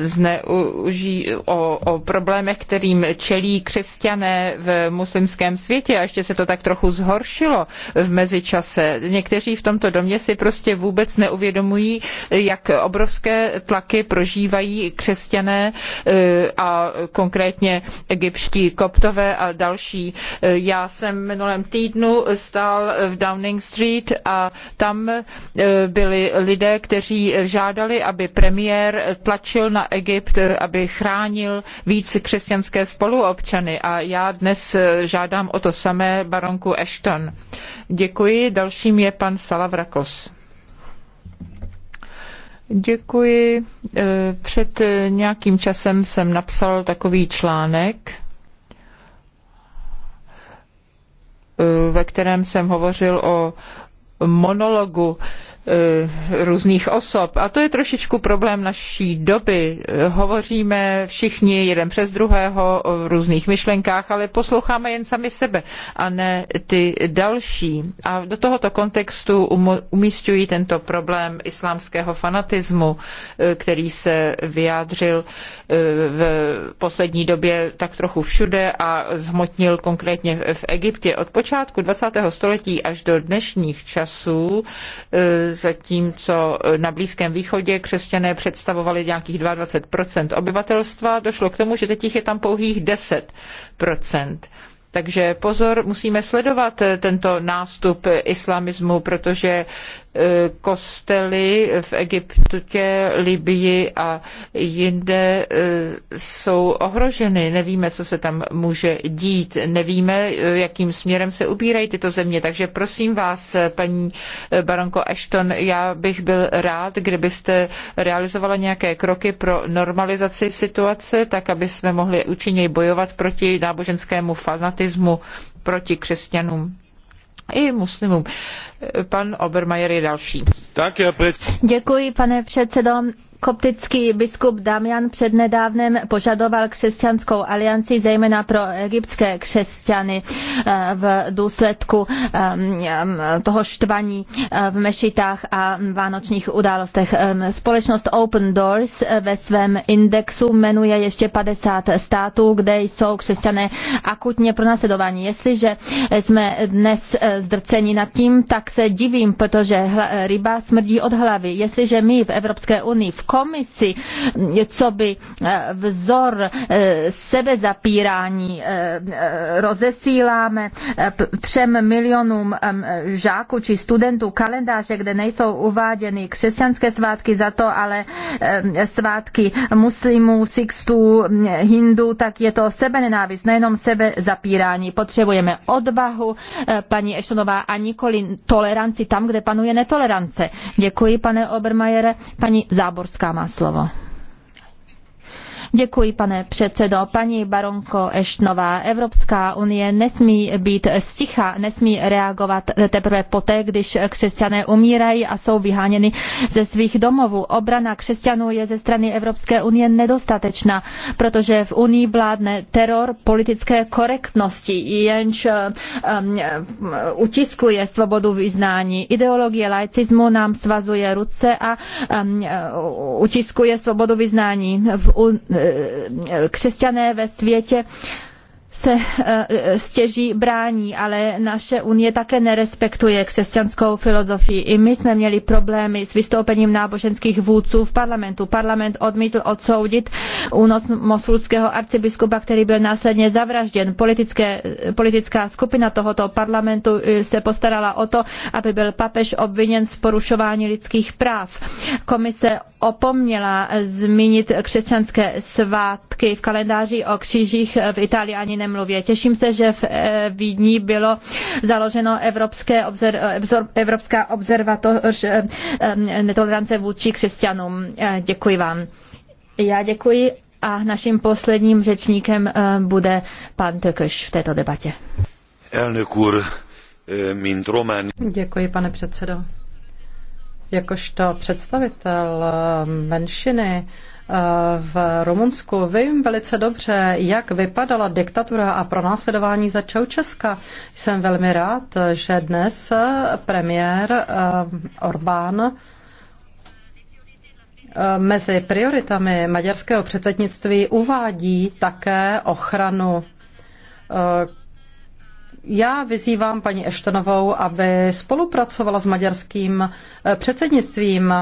zneuží, o, o problémech, kterým čelí křesťané v muslimském světě a ještě se to tak trochu zhoršilo v mezičase. Někteří v tom tomto domě si prostě vůbec neuvědomují, jak obrovské tlaky prožívají křesťané e, a konkrétně egyptští koptové a další. E, já jsem minulém týdnu stál v Downing Street a tam e, byli lidé, kteří žádali, aby premiér tlačil na Egypt, aby chránil víc křesťanské spoluobčany. A já dnes žádám o to samé baronku Ashton. Děkuji. Dalším je pan Sal Vrakos. Děkuji. E, před nějakým časem jsem napsal takový článek, e, ve kterém jsem hovořil o monologu Eh, různých osob. A to je trošičku problém naší doby. Hovoříme všichni jeden přes druhého o různých myšlenkách, ale posloucháme jen sami sebe a ne ty další. A do tohoto kontextu umístují tento problém islámského fanatismu, eh, který se vyjádřil eh, v poslední době tak trochu všude a zhmotnil konkrétně v Egyptě. Od počátku 20. století až do dnešních časů zatímco na Blízkém východě křesťané představovali nějakých 22 obyvatelstva, došlo k tomu, že teď jich je tam pouhých 10 takže pozor, musíme sledovat tento nástup islamismu, protože E, kostely v Egyptě, Libii a jinde e, jsou ohroženy. Nevíme, co se tam může dít. Nevíme, e, jakým směrem se ubírají tyto země. Takže prosím vás, paní baronko Ashton, já bych byl rád, kdybyste realizovala nějaké kroky pro normalizaci situace, tak aby jsme mohli účinněji bojovat proti náboženskému fanatismu, proti křesťanům i muslimům. Pan Obermajer je další. Děkuji, pane předsedo. Koptický biskup Damian přednedávnem požadoval křesťanskou alianci zejména pro egyptské křesťany eh, v důsledku eh, toho štvaní eh, v mešitách a vánočních událostech. Ehm, společnost Open Doors ve svém indexu jmenuje ještě 50 států, kde jsou křesťané akutně pronásledováni. Jestliže jsme dnes zdrceni nad tím, tak se divím, protože ryba smrdí od hlavy. Jestliže my v Evropské unii v komisi, co by eh, vzor eh, sebezapírání eh, rozesíláme třem milionům žáků či studentů kalendáře, kde nejsou uváděny křesťanské svátky, za to ale svátky muslimů, sixtů, hindů, tak je to sebenenávist, nejenom sebezapírání. Potřebujeme odvahu, paní Eštonová, a nikoli toleranci tam, kde panuje netolerance. Děkuji, pane Obermajere. Paní Záborská. Záborská má slovo. Děkuji, pane předsedo. Paní baronko Eštnová, Evropská unie nesmí být sticha, nesmí reagovat teprve poté, když křesťané umírají a jsou vyháněni ze svých domovů. Obrana křesťanů je ze strany Evropské unie nedostatečná, protože v unii vládne teror politické korektnosti, jenž um, um utiskuje svobodu vyznání. Ideologie laicismu nám svazuje ruce a um, uh, utiskuje svobodu vyznání. V, Eh, křesťané ve světě se eh, eh, stěží brání, ale naše unie také nerespektuje křesťanskou filozofii. I my jsme měli problémy s vystoupením náboženských vůdců v parlamentu. Parlament odmítl odsoudit únos mosulského arcibiskupa, který byl následně zavražděn. Politické, eh, politická skupina tohoto parlamentu se postarala o to, aby byl papež obviněn z porušování lidských práv. Komise opomněla zmínit křesťanské svátky v kalendáři o křížích v Itálii ani nemá mluvě. Těším se, že v eh, Vídni bylo založeno Evropské obzer, eh, Evropská observatoř eh, netolerance vůči křesťanům. Děkuji vám. Já děkuji a naším posledním řečníkem bude pan Tököš v této debatě. Elnök mint Román. Děkuji, pane předsedo. Jakožto představitel menšiny v Rumunsku. Vím velice dobře, jak vypadala diktatura a pronásledování za Čaučeska. Jsem velmi rád, že dnes premiér eh, Orbán eh, mezi prioritami maďarského předsednictví uvádí také ochranu eh, já vyzývám paní Eštonovou, aby spolupracovala s maďarským předsednictvím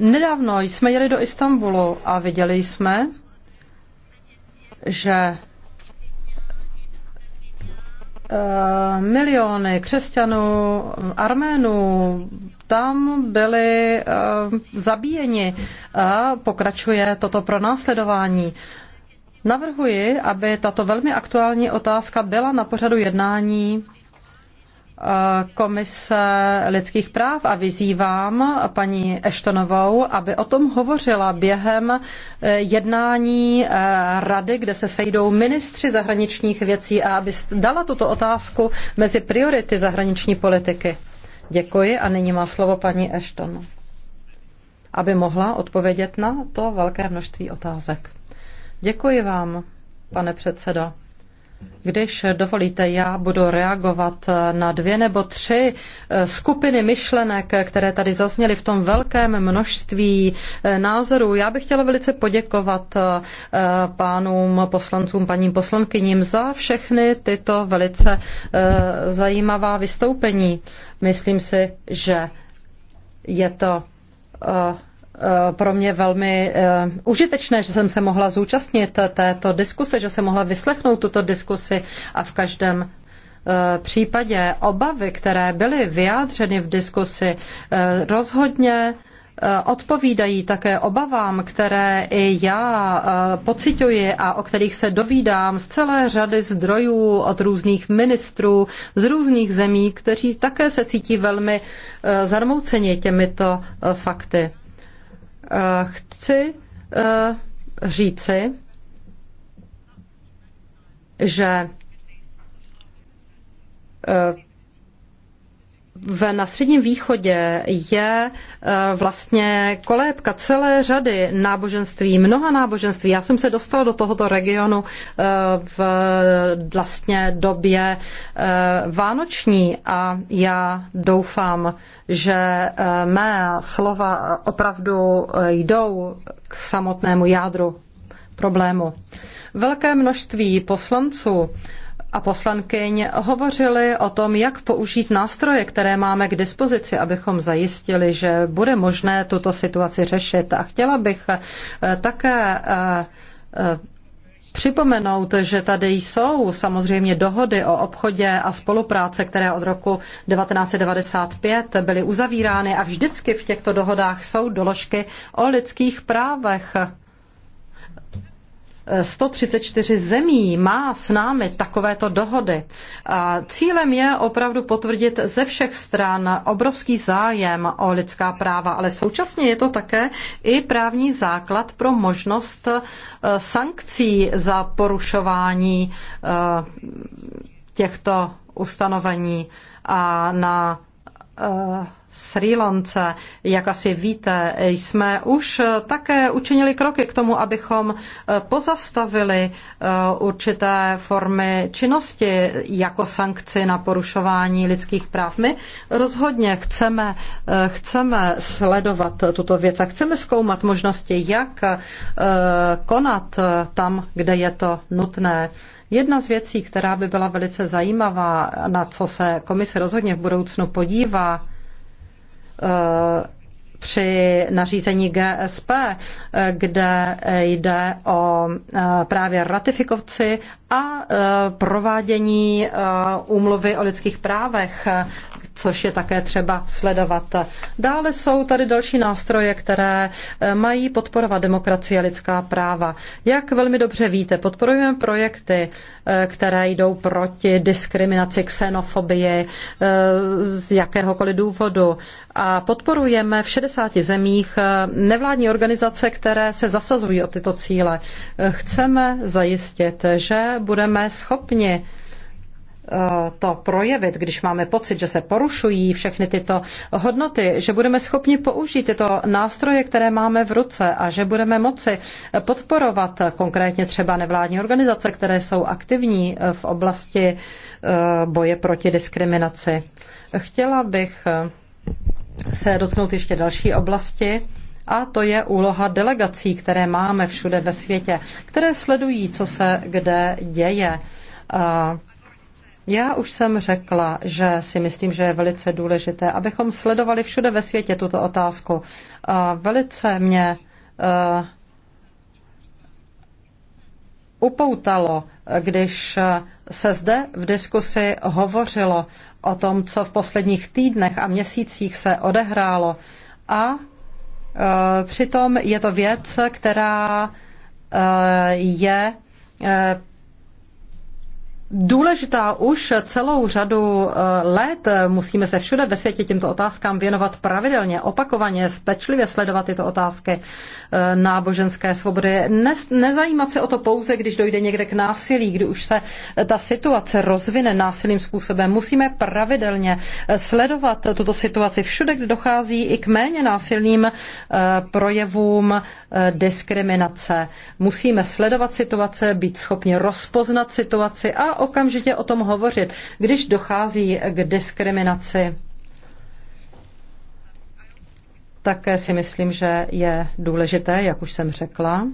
Nedávno jsme jeli do Istanbulu a viděli jsme, že eh, miliony křesťanů, arménů tam byli eh, zabíjeni a pokračuje toto pronásledování. Navrhuji, aby tato velmi aktuální otázka byla na pořadu jednání Komise lidských práv a vyzývám paní Eštonovou, aby o tom hovořila během eh, jednání eh, rady, kde se sejdou ministři zahraničních věcí a aby dala tuto otázku mezi priority zahraniční politiky. Děkuji a nyní má slovo paní Ešton, aby mohla odpovědět na to velké množství otázek. Děkuji vám, pane předsedo. Když dovolíte, já budu reagovat na dvě nebo tři eh, skupiny myšlenek, které tady zazněly v tom velkém množství eh, názorů. Já bych chtěla velice poděkovat eh, pánům poslancům, paním poslankyním za všechny tyto velice zajímavá vystoupení. Myslím si, že je to Eh, pro mě velmi eh, užitečné, že jsem se mohla zúčastnit této diskuse, že jsem mohla vyslechnout tuto diskusi a v každém eh, případě obavy, které byly vyjádřeny v diskusi, rozhodně odpovídají také obavám, které i já pociťuji a o kterých se dovídám z celé řady zdrojů od různých ministrů z různých zemí, kteří také se cítí velmi zarmouceni těmito fakty. Eh, chci eh, říci, že eh, v, na Středním východě je e, vlastně kolébka celé řady náboženství, mnoha náboženství. Já jsem se dostala do tohoto regionu e, v vlastně době e, vánoční a já doufám, že mé slova opravdu jdou k samotnému jádru problému. Velké množství poslanců a poslankyň hovořili o tom, jak použít nástroje, které máme k dispozici, abychom zajistili, že bude možné tuto situaci řešit. A chtěla bych eh, také eh, eh, připomenout, že tady jsou samozřejmě dohody o obchodě a spolupráce, které od roku 1995 byly uzavírány a vždycky v těchto dohodách jsou doložky o lidských právech 134 zemí má s námi takovéto dohody. A cílem je opravdu potvrdit ze všech stran obrovský zájem o lidská práva, ale současně je to také i právní základ pro možnost eh, sankcí za porušování eh, těchto ustanovení a na eh, Sri Lance. Jak asi víte, jsme už také učinili kroky k tomu, abychom e, pozastavili e, určité formy činnosti jako sankci na porušování lidských práv. My rozhodně chceme, e, chceme sledovat tuto věc a chceme zkoumat možnosti, jak konat tam, kde je to nutné. Jedna z věcí, která by byla velice zajímavá, na co se komise rozhodně v budoucnu podívá, Eh, při nařízení GSP, eh, kde jde o eh, právě ratifikovci a provádění úmluvy o lidských právech což je také třeba sledovat. Dále jsou tady další nástroje, které eh, mají podporovat demokracie a lidská práva. Jak velmi dobře víte, podporujeme projekty, eh, které jdou proti diskriminaci, xenofobii eh, z jakéhokoliv důvodu. A podporujeme v 60 zemích nevládní organizace, které se zasazují o tyto cíle. Chceme zajistit, že budeme schopni Eh, to projevit, když máme pocit, že se porušují všechny tyto hodnoty, že budeme schopni použít tyto nástroje, které máme v ruce a že budeme moci podporovat konkrétně třeba nevládní organizace, které jsou aktivní eh, v oblasti eh, boje proti diskriminaci. Chtěla bych se dotknout ještě další oblasti, a to je úloha delegací, které máme všude ve světě, které sledují, co se kde děje. Já už jsem řekla, že si myslím, že je velice důležité, abychom sledovali všude ve světě tuto otázku. Velice mě eh, upoutalo, když se zde v diskusi hovořilo o tom, co v posledních týdnech a měsících se odehrálo. A eh, přitom je to věc, která eh, je důležitá už celou řadu eh, let. Musíme se všude ve světě těmto otázkám věnovat pravidelně, opakovaně, pečlivě sledovat tyto otázky eh, náboženské svobody. nezajímat se o to pouze, když dojde někde k násilí, kdy už se eh, ta situace rozvine násilným způsobem. Musíme pravidelně sledovat tuto situaci všude, kde dochází i k méně násilným projevům diskriminace. Musíme sledovat situace, být schopni rozpoznat situaci a okamžitě o tom hovořit, když dochází k diskriminaci. Také si myslím, že je důležité, jak už jsem řekla,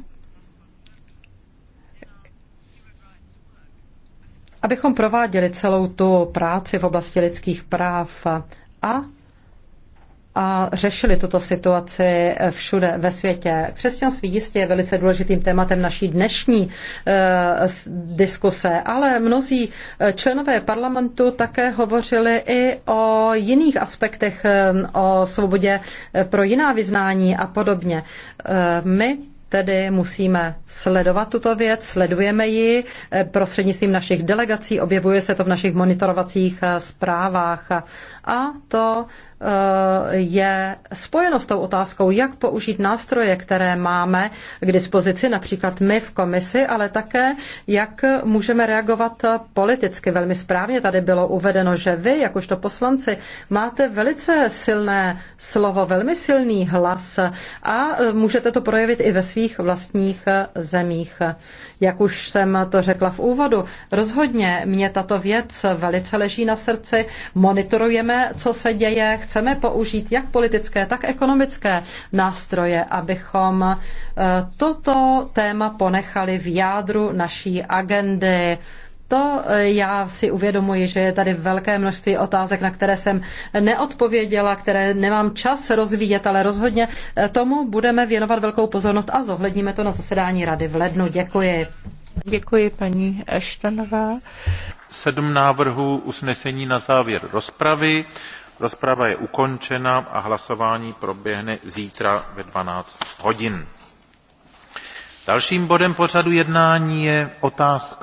abychom prováděli celou tu práci v oblasti lidských práv a a řešili tuto situaci všude ve světě. Křesťanství jistě je velice důležitým tématem naší dnešní eh, diskuse, ale mnozí eh, členové parlamentu také hovořili i o jiných aspektech, eh, o svobodě pro jiná vyznání a podobně. My tedy musíme sledovat tuto věc, sledujeme ji prostřednictvím našich delegací, objevuje se to v našich monitorovacích zprávách a to Eh, je spojeno s tou otázkou, jak použít nástroje, které máme k dispozici, například my v komisi, ale také, jak můžeme reagovat politicky. Velmi správně tady bylo uvedeno, že vy, jakožto poslanci, máte velice silné slovo, velmi silný hlas a můžete to projevit i ve svých vlastních zemích. Jak už jsem to řekla v úvodu, rozhodně mě tato věc velice leží na srdci, monitorujeme, co se děje, chceme použít jak politické, tak ekonomické nástroje, abychom e, toto téma ponechali v jádru naší agendy. To e, já si uvědomuji, že je tady velké množství otázek, na které jsem neodpověděla, které nemám čas rozvíjet, ale rozhodně e, tomu budeme věnovat velkou pozornost a zohledníme to na zasedání rady v lednu. Děkuji. Děkuji paní Eštanová. Sedm návrhů usnesení na závěr rozpravy. Rozprava je ukončena a hlasování proběhne zítra ve 12 hodin. Dalším bodem pořadu jednání je otázka